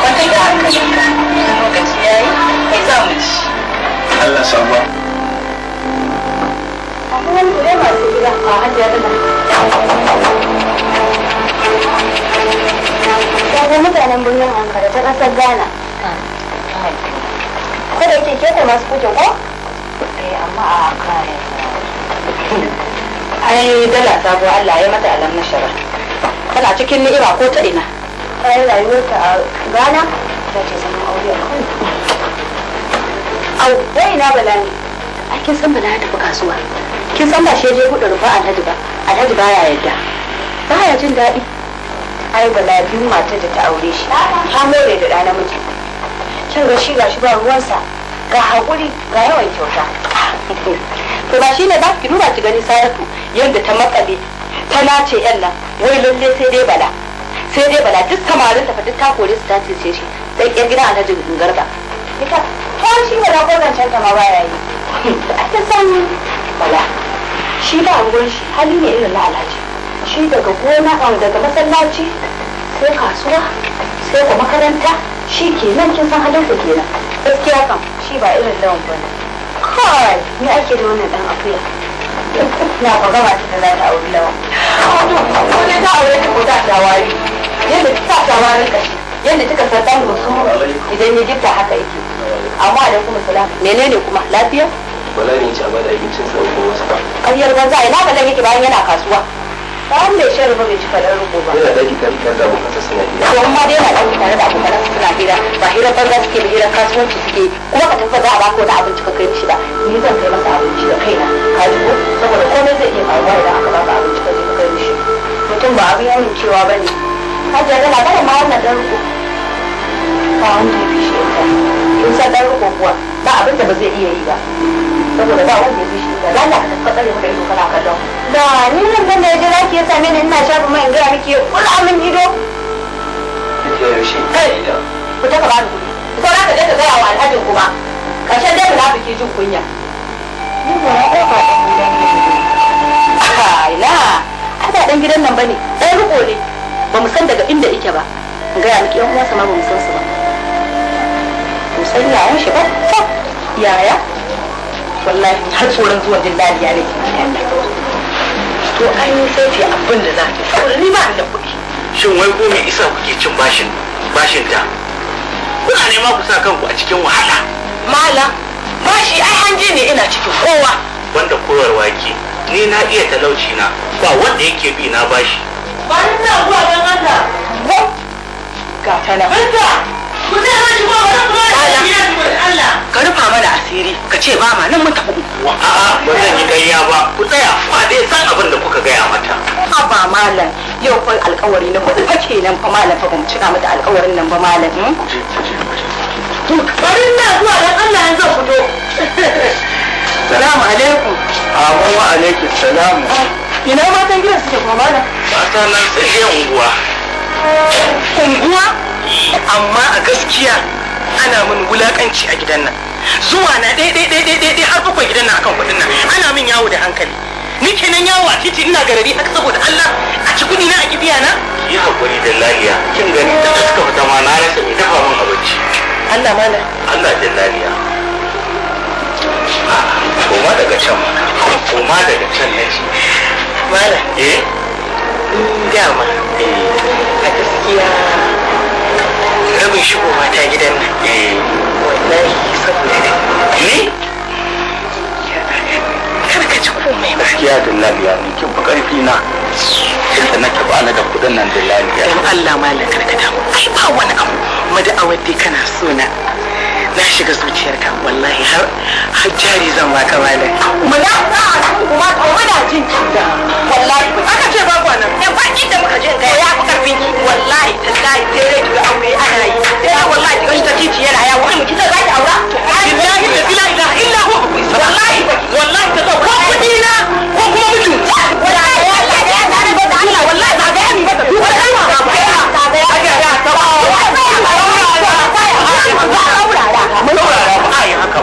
wata da aka yi lokaci ya yi mai za mu ci wani masu gida mutanen birnin ta ƙasar Ghana. Ko da masu ko? amma a dala Allah ya mata alam na shara. Tana cikin ni'ira ko ta ina. ta yi rayuwarta a ghana za ta zama aure a kawai au dai ina bala ne a kin san bala ya tafi kasuwa kin san ba shi je buɗe rufa alhaji ba alhaji baya yarda ya jin daɗi ai bala biyu matar da ta aure shi Ha more da ɗa namiji kin ga shi ga shi ba ruwansa ga haƙuri ga yawan kyauta to ba shi ne ba ki duba ki gani saratu yadda ta makale ta nace yan nan wai lalle sai dai bala sai dai bala duk kamarin ta duk ta su ta cece shi dan yar gidan alhaji ba. ita ko shi bala ko zancen ta ma baya yi a ta san bala shi ba angon shi hali ne irin lalaci. shi daga gona um, daga masallaci sai kasuwa sai ko makaranta shi ke nan kin san halin sa kenan gaskiya kam shi ba irin lawan ne. kai ni ake da wannan dan akuya na ba gaba ta da za ta wuri lawan ko ta aure ta ko ta wari yadda ta sawa rinka shi yadda kika san dan musu idan ya gifta haka yake amma da kuma salam menene kuma lafiya Bala ne ci abada abincin sa ko wasu ƙaryar banza ina ka dan yake bayan yana kasuwa bayan mai shan ruba mai ci fadar rugo ba yana daki tare tare da abokan suna hira to amma dai yana daki tare da abokan suna hira ba hira banza suke da hira kasuwanci suke kuma ka tafi za a baka wani abinci ka kai shi ba ni zan kai masa abinci da kaina ka ji ko saboda komai zai iya faruwa idan aka baka abinci ka je ka kai mishi mutum ba abin yamin cewa bane hajiya tana kada ma wannan ɗan riko ba wanda ya fishe ta in sa ɗan riko kuwa ba abin da ba zai iya yi ba saboda ba wanda ya fishe ta za ta ka tafi tsare maka ido kana kallon da ni nan ban da ya jira ki ya same ni ina shafa mai in gaya miki kula min ido ku ta ka ba ni kuɗi ko za ka je ka gaya wa alhajin kuma ƙarshen dai na biki jin kunya ni ba na ɗauka ɗan gidan nan ne. Ila, ai ba ɗan gidan nan ba ne, ɗan riko ne. ba mu san daga inda ike ba gaya miki yan uwansa ma ba mu san su ba mu san yayan shi ba yaya wallahi har tsoron zuwan jin dadi ya ne to an yi sai ce abin da za ki saboda ni ba da kuɗi shin wai ko me isa kuke cin bashin bashin ta kuna nema ku sa kanku a cikin wahala mala bashi ai hanje ne ina cikin kowa wanda koyarwa ke ni na iya talauci na ba wanda yake bi na bashi ba ni tana zuwa don Allah ga na. binta ku ne ma ji ba wani kuma da ya ji da Allah ka rufa mana asiri ka ce ba ma nan mun tafi unguwa a'a ba zan yi gayya ba ku tsaya ba dai san abin da kuka gaya mata ba malam yau fa alƙawari na kuɗi fa kenan fa malam fa bamu cika mata alƙawarin nan ba malam hmm? bari na zuwa don Allah yanzu fito salamu alaikum amin wa alaikum salam ah. ina matan gidan suke kuma mana nan na tsaye unguwa unguwa eh. amma a gaskiya ana min wulakanci a gidan nan zuwa na ɗaya har bakwai gidan nan akan kuɗin nan ana min yawo da hankali ni kenan yawo a titi ina garari haka saboda Allah a ci kuɗi na a kibiya na yi hakuri da lahiya kin gani da suka fita ma na rasa mai dafa min abinci Allah mana Allah da lahiya ah, koma daga can koma daga can ce. mara eh mm, dama eh. a gaskiya rabin ko mata gidan nan eh. wallahi saboda ci gaskiya da lafiya ne kin fi na na da kudin nan da lafiya dan Allah malam kar ka damu ba wani abu dai kana so na na shiga ka wallahi har har jari zan ba ka bala mu da ta kuma ko muna jin kinta wallahi aka ce ba kwana da fakin da muka jin ga ya fi karfin ki wallahi tallahi sai dai kiga aure ana yi sai wallahi ki ta kici yana ya wani mu kita zaki aura billahi la ilaha illa huwa wallahi wallahi ta ko kudi na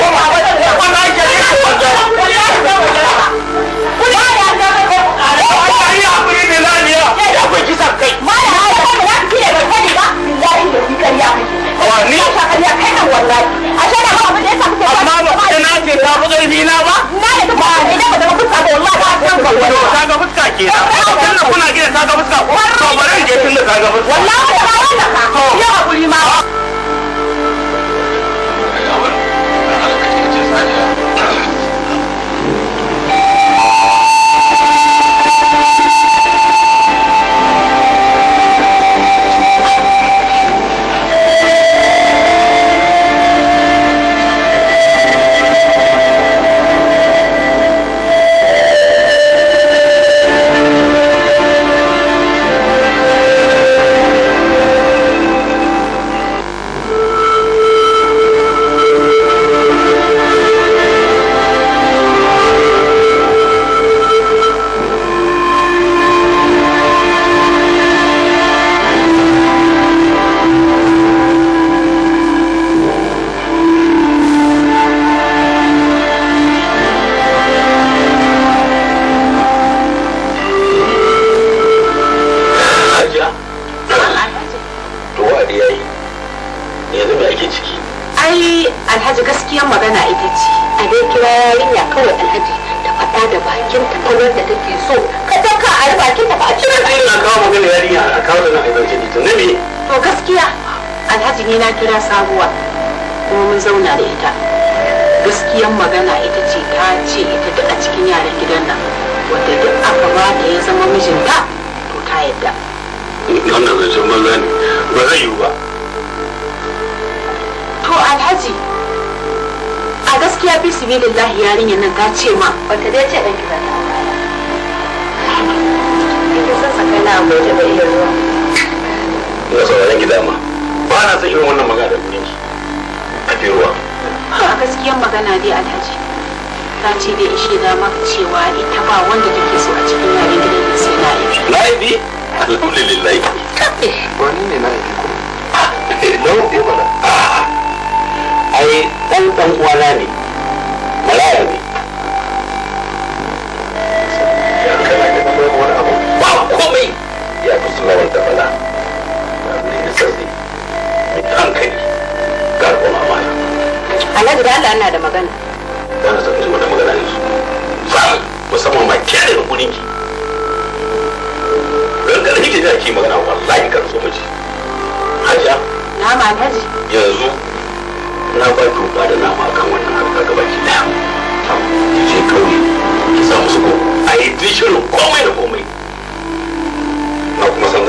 Come on.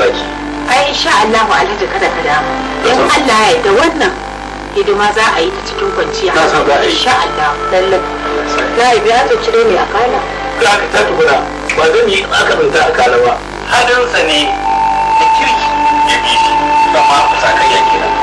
baki ai insha Allah alhaji kada ka damu in Allah ya da wannan hidima za a yi ta cikin kwanciya na san za a yi insha Allah lalle za a biya ta cire ne a kana ka ka ta tukuna ba zan yi aka binta a kana ba hadinsa ne da kirki ya bi shi da ma kusa kai ya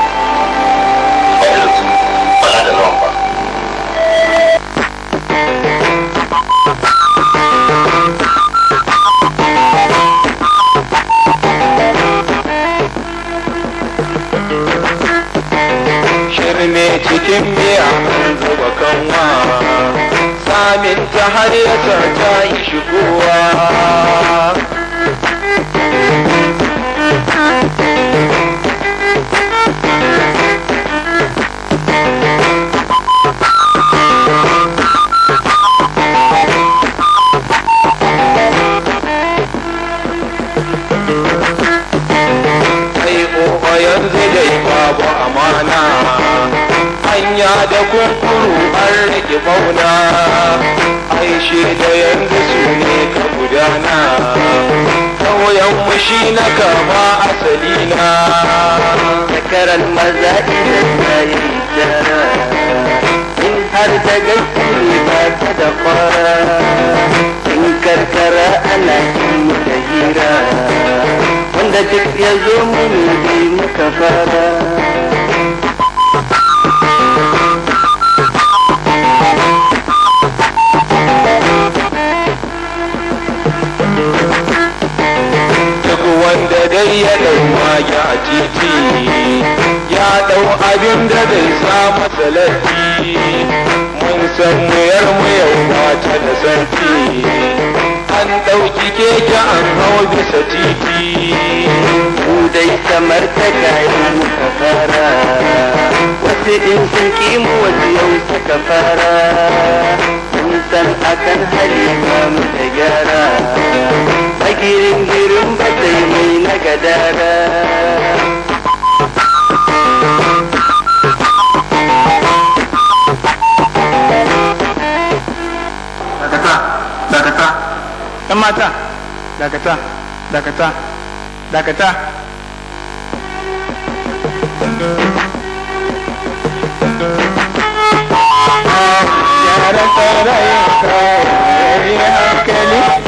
me cikin miyan zuba kanwa samin ta har ya ta yi shigowa na da kunkuru an rage mauna shi da yanzu su ne ka gudana mu shi na kama asali na zakaran maza idan na yi in har da ne ba ta da fara in karkara ana mu da hira wanda duk ya zo mu ne muka fara sai ya dau magi a titi ya dau abin da zai sa masa mun san muyar mu yau da sarki an ɗauki keke an hau bisa titi ku dai kamar ta gari muka fara wasu in sun kimu wasu yau suka fara Sun san akan hali ma ta gyara a girin girin ba mai na gadara 'yan mata dakata dakata dakata yaran saurayin kawai hankali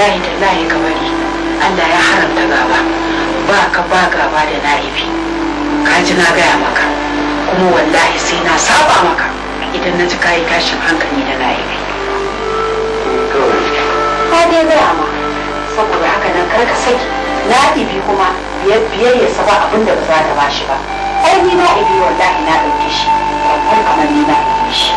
wallahi tallahi ka bari Allah ya haramta gaba ba ka ba gaba da na'ibi ka ji na gaya maka kuma wallahi sai na saba maka idan na ji kayi tashin hankali da na'ibi ka dai gaya ma saboda haka nan kar ka saki na'ibi kuma biyayya sa ba abin da ba za ta bashi ba ai ni na'ibi wallahi na ɗauke shi kamar ni na ɗauke shi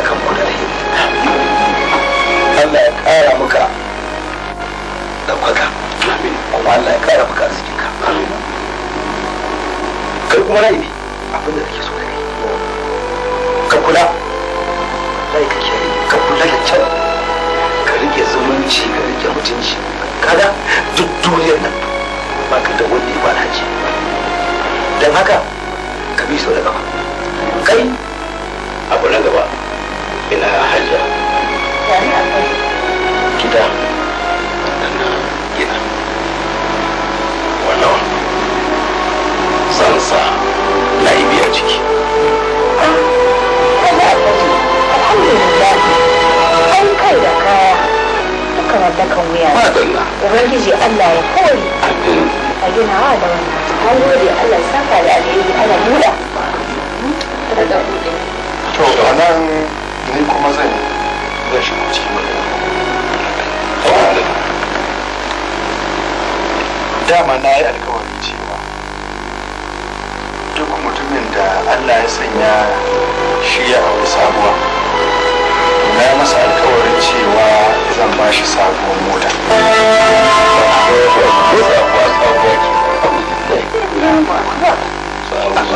sakan ku da rai Allah ya ƙara maka ɗaukaka kuma Allah ya ƙara maka arzikinka kai kuma rai ne abin da kake so da kai ka kula rai ka ke ka kula da kyau ka rike zumunci ka rike mutunci kada duk duniyar nan ba ka da wani ya ba haji don haka ka bi sau da gaba kai abu na gaba tare a kai gida na gida zan sa a ah, an kai da kaya wuya ubangiji allah ya kawai a ginawa da wannan allah saka da alheri ana to a ni kuma ya shigo dama na yi alkawarin cewa duk mutumin da allah ya sanya shi ya auri sabuwa na masa alkawarin cewa zan ba shi sabuwar mota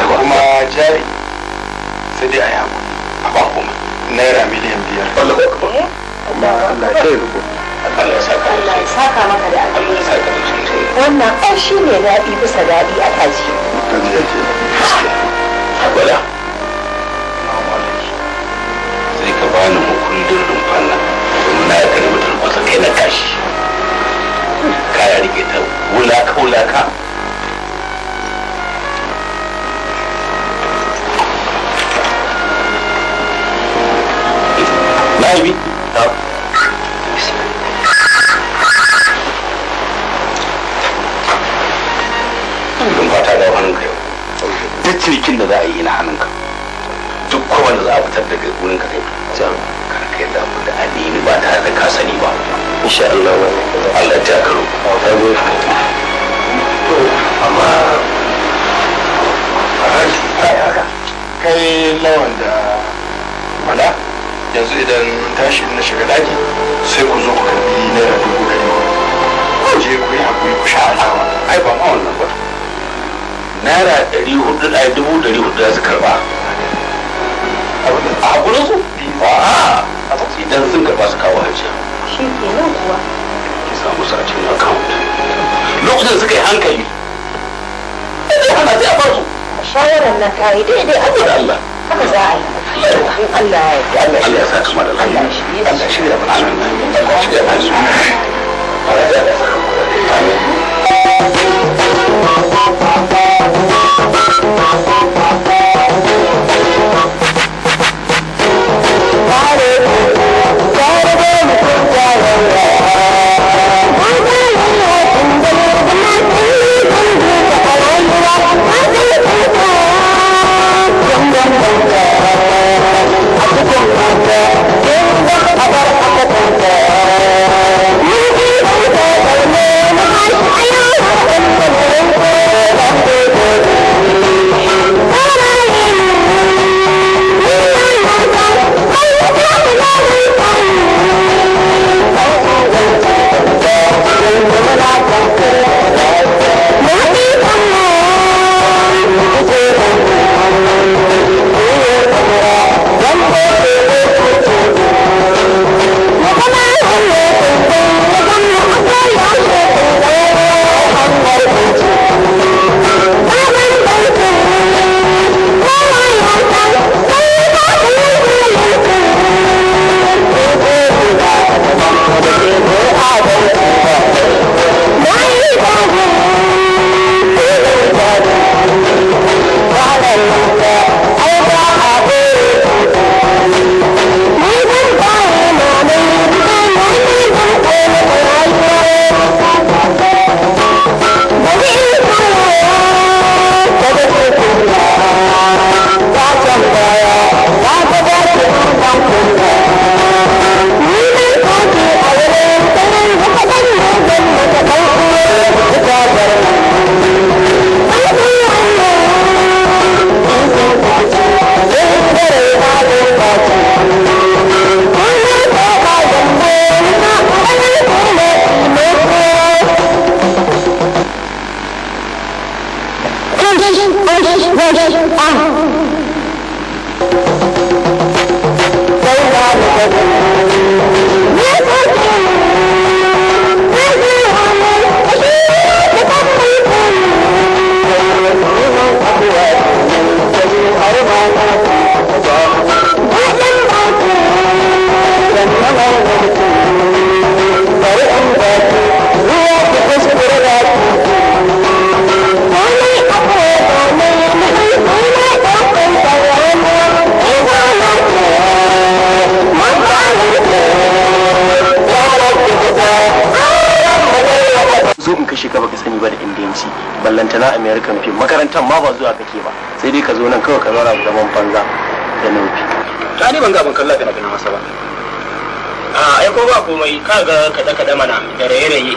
kuma jari sai dai a yi haƙuri a bakwai naira miliyan biyar Allah ya kai ruku Allah ya saka maka da wannan ai shi ne daɗi bisa daɗi a kaji agwada sai ka bani mukullin rumfan nan domin na karbi mutum rumfasa kai na kashi kaya rike ta wulaka wulaka Ivy. ta da hannunka yau duk cinikin da za a yi na hannunka duk da za a fitar daga wurin ka kai karka yadda mu da alini ba tare da ka sani ba insha Allah Allah ta amma kai lawan da mana yanzu idan tashi na shiga daji sai ku zo ku karbi naira dubu ɗari ku je ku yi hakuri ku sha alama ai ba ma wannan ba naira ɗari hudu da dubu ɗari hudu za su karba a gurin su a idan sun karba su kawo hajiya shi kenan samu sa cikin account lokacin suka hankali hana sai ta daidai Allah haka za a yi Allah ya yi Allah ya sa kamar Allah Allah shirya mana Allah body. ban ga abin kalla da na gina masa ba a ai ko ba komai ka ga kada kada mana da raye raye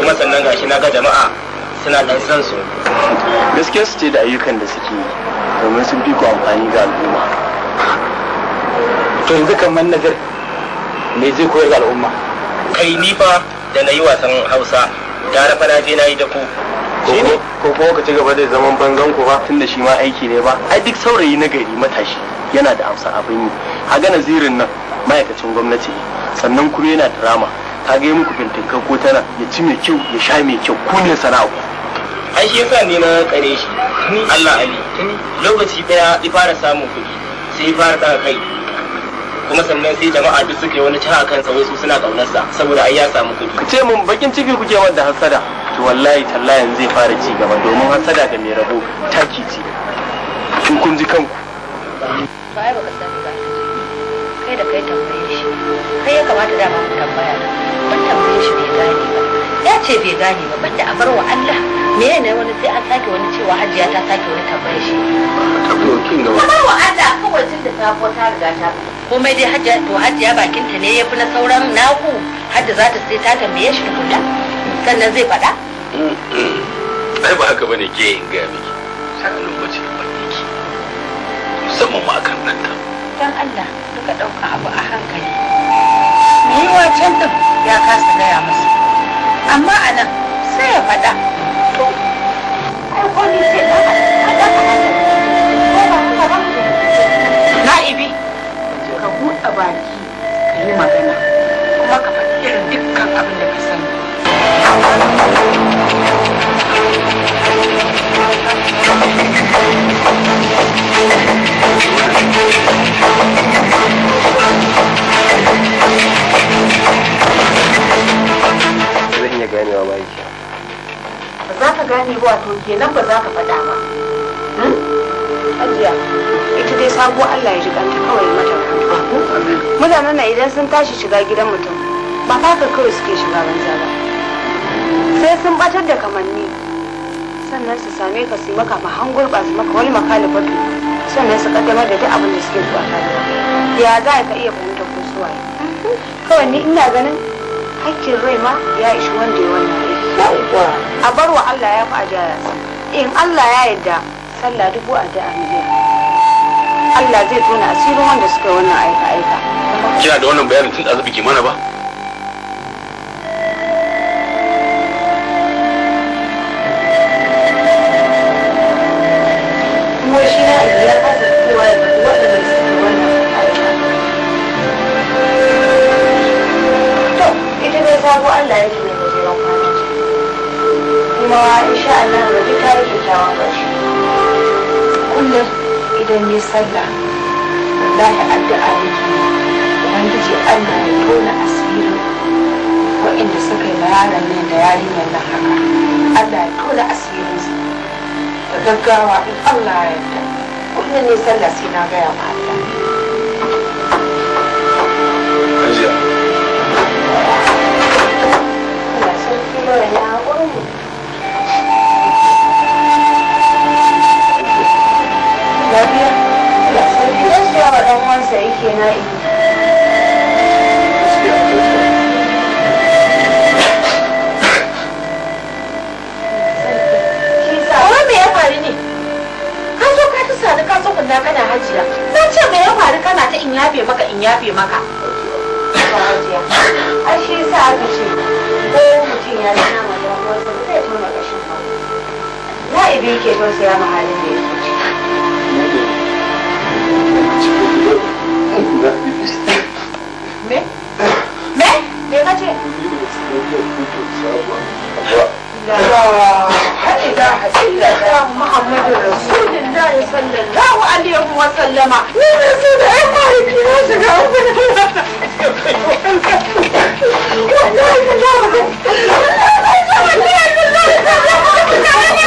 kuma sannan gashi na ga jama'a suna dan san su gaskiya su ce da ayyukan da suke domin sun fi ku amfani ga al'umma to yanzu kamar nazar me zai koyar ga al'umma kai ni fa da na yi wasan hausa gara fa na je na yi da ku ko kuma ka ci gaba da zaman banzan ku ba tun da shi ma aiki ne ba ai duk saurayi na gari matashi yana da amsa abin yi A ga nazirin nan ma'aikacin gwamnati sannan kuma yana drama ta ga muku fintinka ko tana ya ci mai kyau ya sha mai kyau ko ne sana'a ai shi yasa ne na kare shi ni Allah ali lokaci daya ya fara samun kuɗi sai ya fara daga kai kuma sannan sai jama'a duk suka yi wani ci akan sa su suna kaunarsa saboda ai ya samu kuɗi ku ce mun bakin ciki kuke wanda hasada to wallahi talla yanzu zai fara ci gaba domin hasada ga mai rabo taki ci kun ji kanku ba ba ka kai tambaye shi kai ya kamata dama mu tambaya ban tambaye shi bai gane ba ya ce bai gane ba banda a bar wa Allah me ne wani sai an sake wani cewa hajiya ta sake wani tambaye shi ka bar wa Allah kawai tun da safo ta riga ta komai dai hajiya to hajiya ta ne ya fi na sauran naku hadda za ta sai ta tambaye shi tukunna sannan zai faɗa ai ba haka bane ke in gaya miki sanin mace da baki musamman ma akan ta dan Allah ka ɗauka abu a hankali me yi wacan ya kasa gaya masa amma a nan sai ya faɗa na'ibi ka buɗe baki ka yi magana kuma ka faɗi irin dukkan abin da ka sani Thank you. za ka gane wato kenan ba za ka faɗa ba hmm? ajiya ita dai sabo Allah ya shiga ta kawai mata mutanen na idan sun tashi shiga gidan mutum ba haka kawai suke shiga banza ba sai sun batar da kamanni sannan su same ka su maka hangul ba su maka wani makalifatu sannan su kaddamar da duk abin da suke zuwa kare ya za ka iya fahimtar ko suwaye hmm? kawai ni ina ganin hakkin rai ma ya ishi wanda ya wannan a bar wa Allah ya fi ajaya in Allah ya yarda sallah dubu a miliyan Allah zai tona asirin wanda suka yi wannan aika aika kina da wannan bayanin tun azubi ki mana ba gaggawa in Allah ya yarda kullum ne sallah sai na gaya ma Allah ya ɗan wansa yake na iya. banza kana hajiya na ce me ya faru kana ta in yafe maka in yafe maka shi aka ce ko mutum ya nuna ma da wasu zai tona kashin ba na ibi yake ma halin da yake Me? Me? Me kace? sallallahu alaihi wa sallama ni ne su da ya fara kira shi ga abin da ya fara kira shi ga abin da ya fara kira fara kira shi ga abin da ya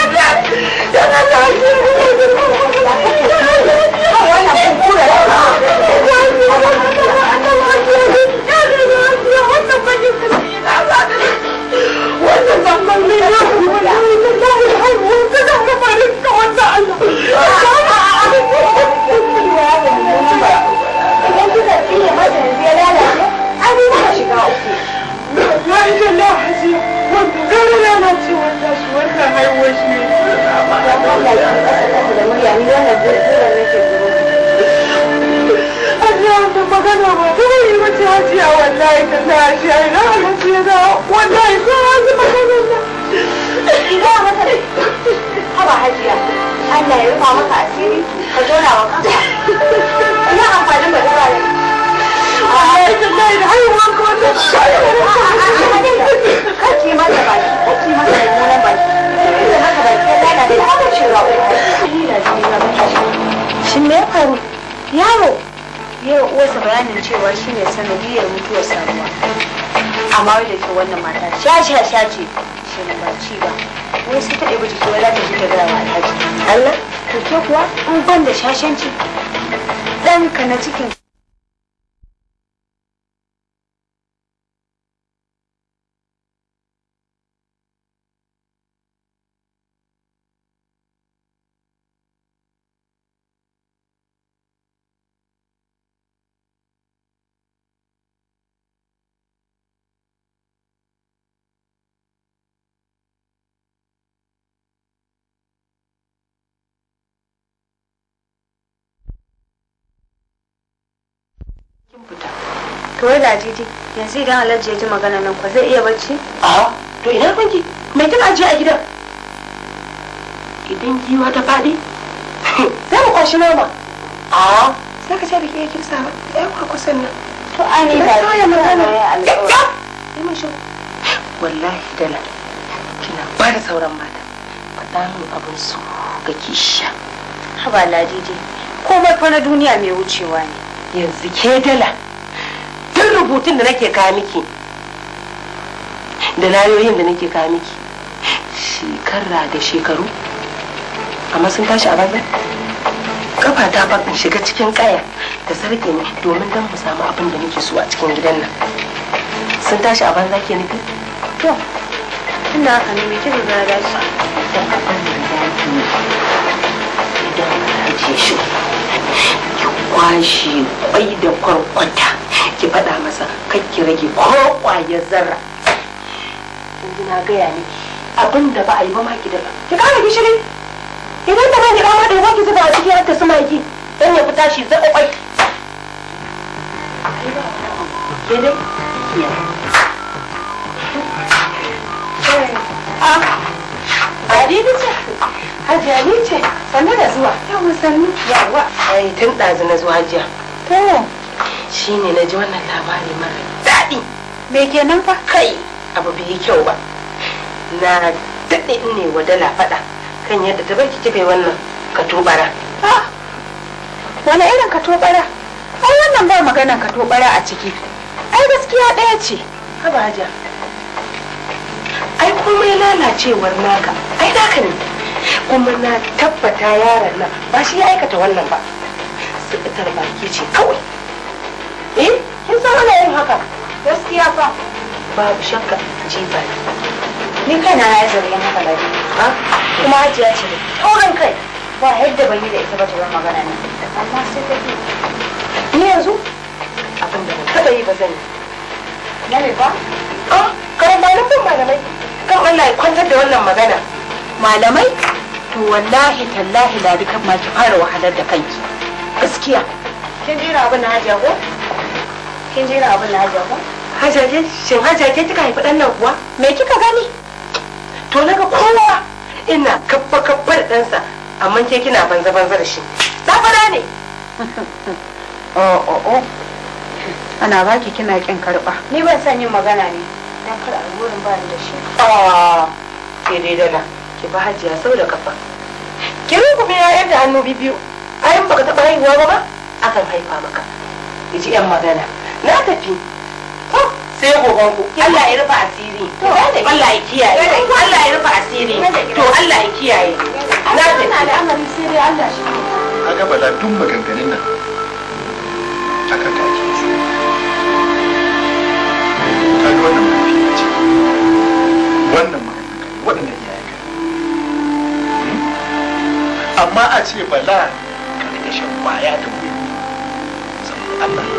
yanzu idan alhaji ya ji magana nan kwa zai iya bacci? a to ina kwanki mai kika ajiye a gidan idan giwa ta faɗi za mu kwashi nama a za ka ce biki ya kimsa ba ya kwa kusan nan to a ne da ya magana ya mai shi wallahi dala kina ba da sauran mata faɗa min abin su ga kisha haba ladidi komai fa na duniya mai wucewa ne yanzu ke dala rubutun da nake kawo miki da layoyin da nake kawo miki shekara da shekaru amma sun tashi a banza kafa ta bakin shiga cikin kaya ta sarke ni domin dan mu samu abin da nake so a cikin gidan nan sun tashi a banza ke nufi to ina haka ne mutum na dace da abin ke idan ka ajiye shi ki kwashe kwai da kwarkwata faɗa masa kakki rage ko ƙwaye zarra yanzu na gaya ne abin da ba a yi ba ma ki daga ki kara gishiri idan da ba ki kama da yawan ki zuba a cikin yadda su maki don ya fita shi zaɓa ƙwai ke dai a didi ce hajiya ni ce sannu da zuwa yawon sannu yawa ai tun ɗazu na zuwa hajiya to shine na ji wannan labari mara daɗi me kenan fa kai abu bai kyau ba na daɗe ne wa dala faɗa kan yadda ta barki kife wannan katobara wani irin katobara ai wannan ba maganan katobara a ciki ai gaskiya ɗaya ce haba haja ai komai lalacewar naka ai naka ne kuma na tabbata yaron nan ba shi ya aikata wannan ba su baki ce kawai zama san hana yin haka gaskiya fa babu shakka ce ba ni kaina na yi zargin haka ba kuma hajiya ce taurin kai ba yadda ban yi da ita ba ta magana ne amma sai ta ce ni yanzu abin da ban yi ba zan yi na ne ba ah karan ban malamai kan Allah ya kwantar da wannan magana malamai to wallahi tallahi ladi kan ma ki fara wahalar da kanki gaskiya kin jira abin na hajiya ko kin jira abin na hajiya ba? hajiya ke shin hajiya ke kika haifi dan nan kuwa me kika gani to naga kowa ina kaffa kaffa da ɗansa amma ke kina banza banza da shi safara ne oh oh oh ana baki kina kin karba ni ban san yin magana ne dan kar a gurin ba da shi ah ke dai dana ki ba hajiya sau da kafa ki rungume biya yadda hannu bibiyu ayin baka taɓa haihuwa ba ma akan haifa maka ji yan magana na tafi sai goban ku Allah ya rufa asiri Allah ya kiyaye Allah ya rufa asiri to Allah ya kiyaye na tafi al'amari sai dai Allah shi kaga bala tun maganganun nan aka take kaga wannan mafiya wannan maganganun waɗanda ya ka hmm? amma a ce bala ka rike shan baya da wuri saboda Allah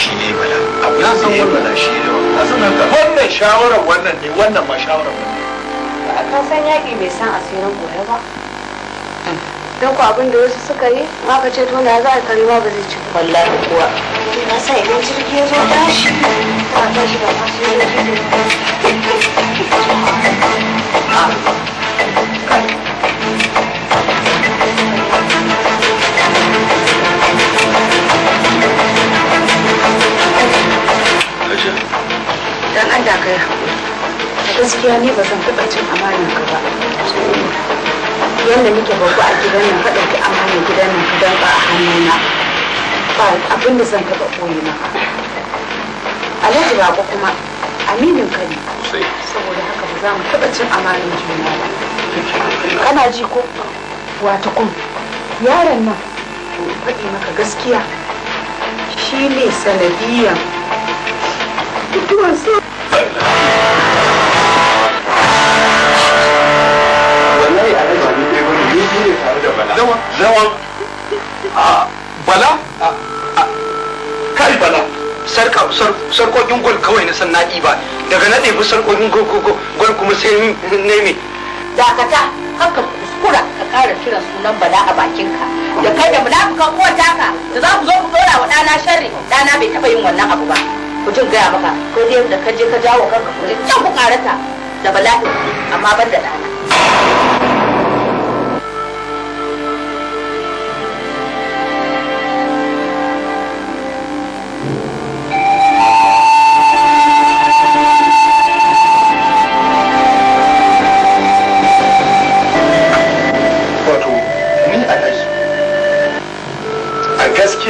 shi ne bala abu ya san wannan shi ne wannan shawarar wannan ne wannan ma shawarar wannan ba a san yaƙi bai san asirin gobe ba don ku abin da wasu suka yi ma ka ce to na za a kare ma ba zai ci wallahi kuwa na sa idan jirgi ya zo tashi ba tashi ba tashi ba gaskiya ne ba zan taɓa cin amanar ka ba yadda nake babu a gidan nan ka ɗauki amanar gidan nan ka danƙa a hannuna ba abin da zan taɓa ɓoye maka alhaji ba kuma aminin ka ne saboda haka ba za mu taɓa cin amana juna ba kana ji ko wata kun yaron nan faɗi maka gaskiya shi ne sanadiyan fitowar zaman a bala kai bala sarkokin gol kawai na san na ba daga na ɗebi sarkokin gol kuma sai ne me dakata haka kuskura ka kara kira sunan bala a bakinka da kai da munafukan ko taka da za ku zo ku dora wa ɗana sharri ɗana bai taɓa yin wannan abu ba ku jin gaya maka ko dai da ka je ka jawo kanka ku je can ku karata da bala'i amma ban da ɗana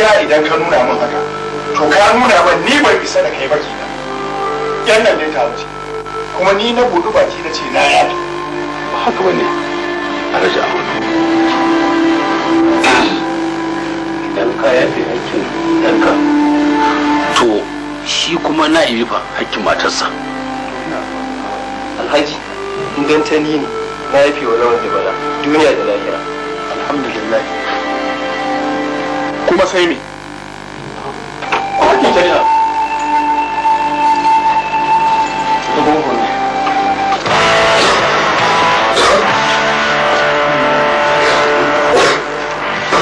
gaskiya idan ka nuna min haka to ka nuna min ni bai isa da kai baki na yan nan ne ta wuce kuma ni na budu baki na ce na ya ba haka bane a wani idan ka yafi hakkin ka to shi kuma na iya fa hakkin matarsa alhaji ni ne na yafi wa lawan da bala duniya da lahira alhamdulillah kuma sai me kwakin shari'a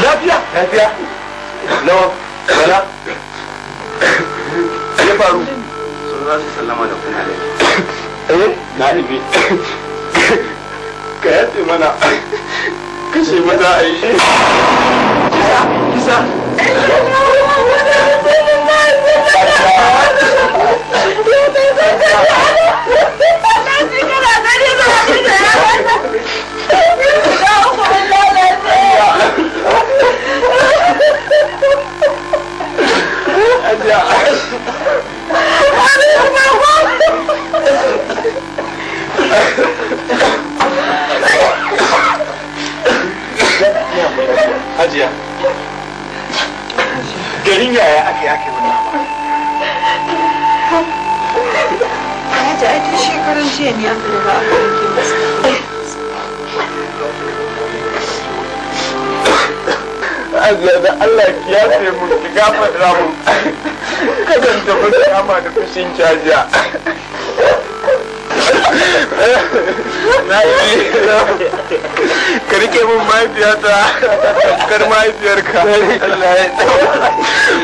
lafiya lafiya lawa ya faru sallama da eh? na ibi ka mana kashe maza a yi Hajiya. garin yaya ake ake wannan ba ji aikin shekarun jiya ne aka daga aka yanke Allah da Allah ki yafe mu ki gafarta mu da mun kama da fushin jajiya na yi ka mun mahaifiyata kar mahaifiyarka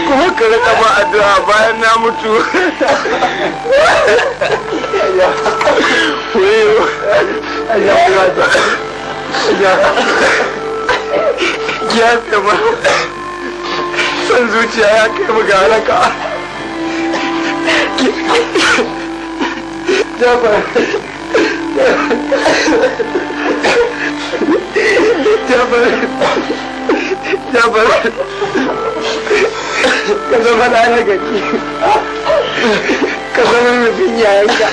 kuma ka ma addu'a bayan na mutu ya sama son zuciya ya kai mu ga halaka jabar jabar Jafar ka zama na nagari ka zama rufin yayanka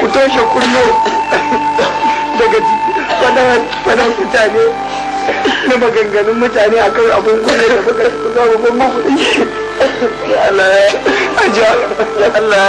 ku toshe kullum daga fadan mutane na maganganun mutane akan abin kuɗi da suka zama kuɗi Allah ya aja Allah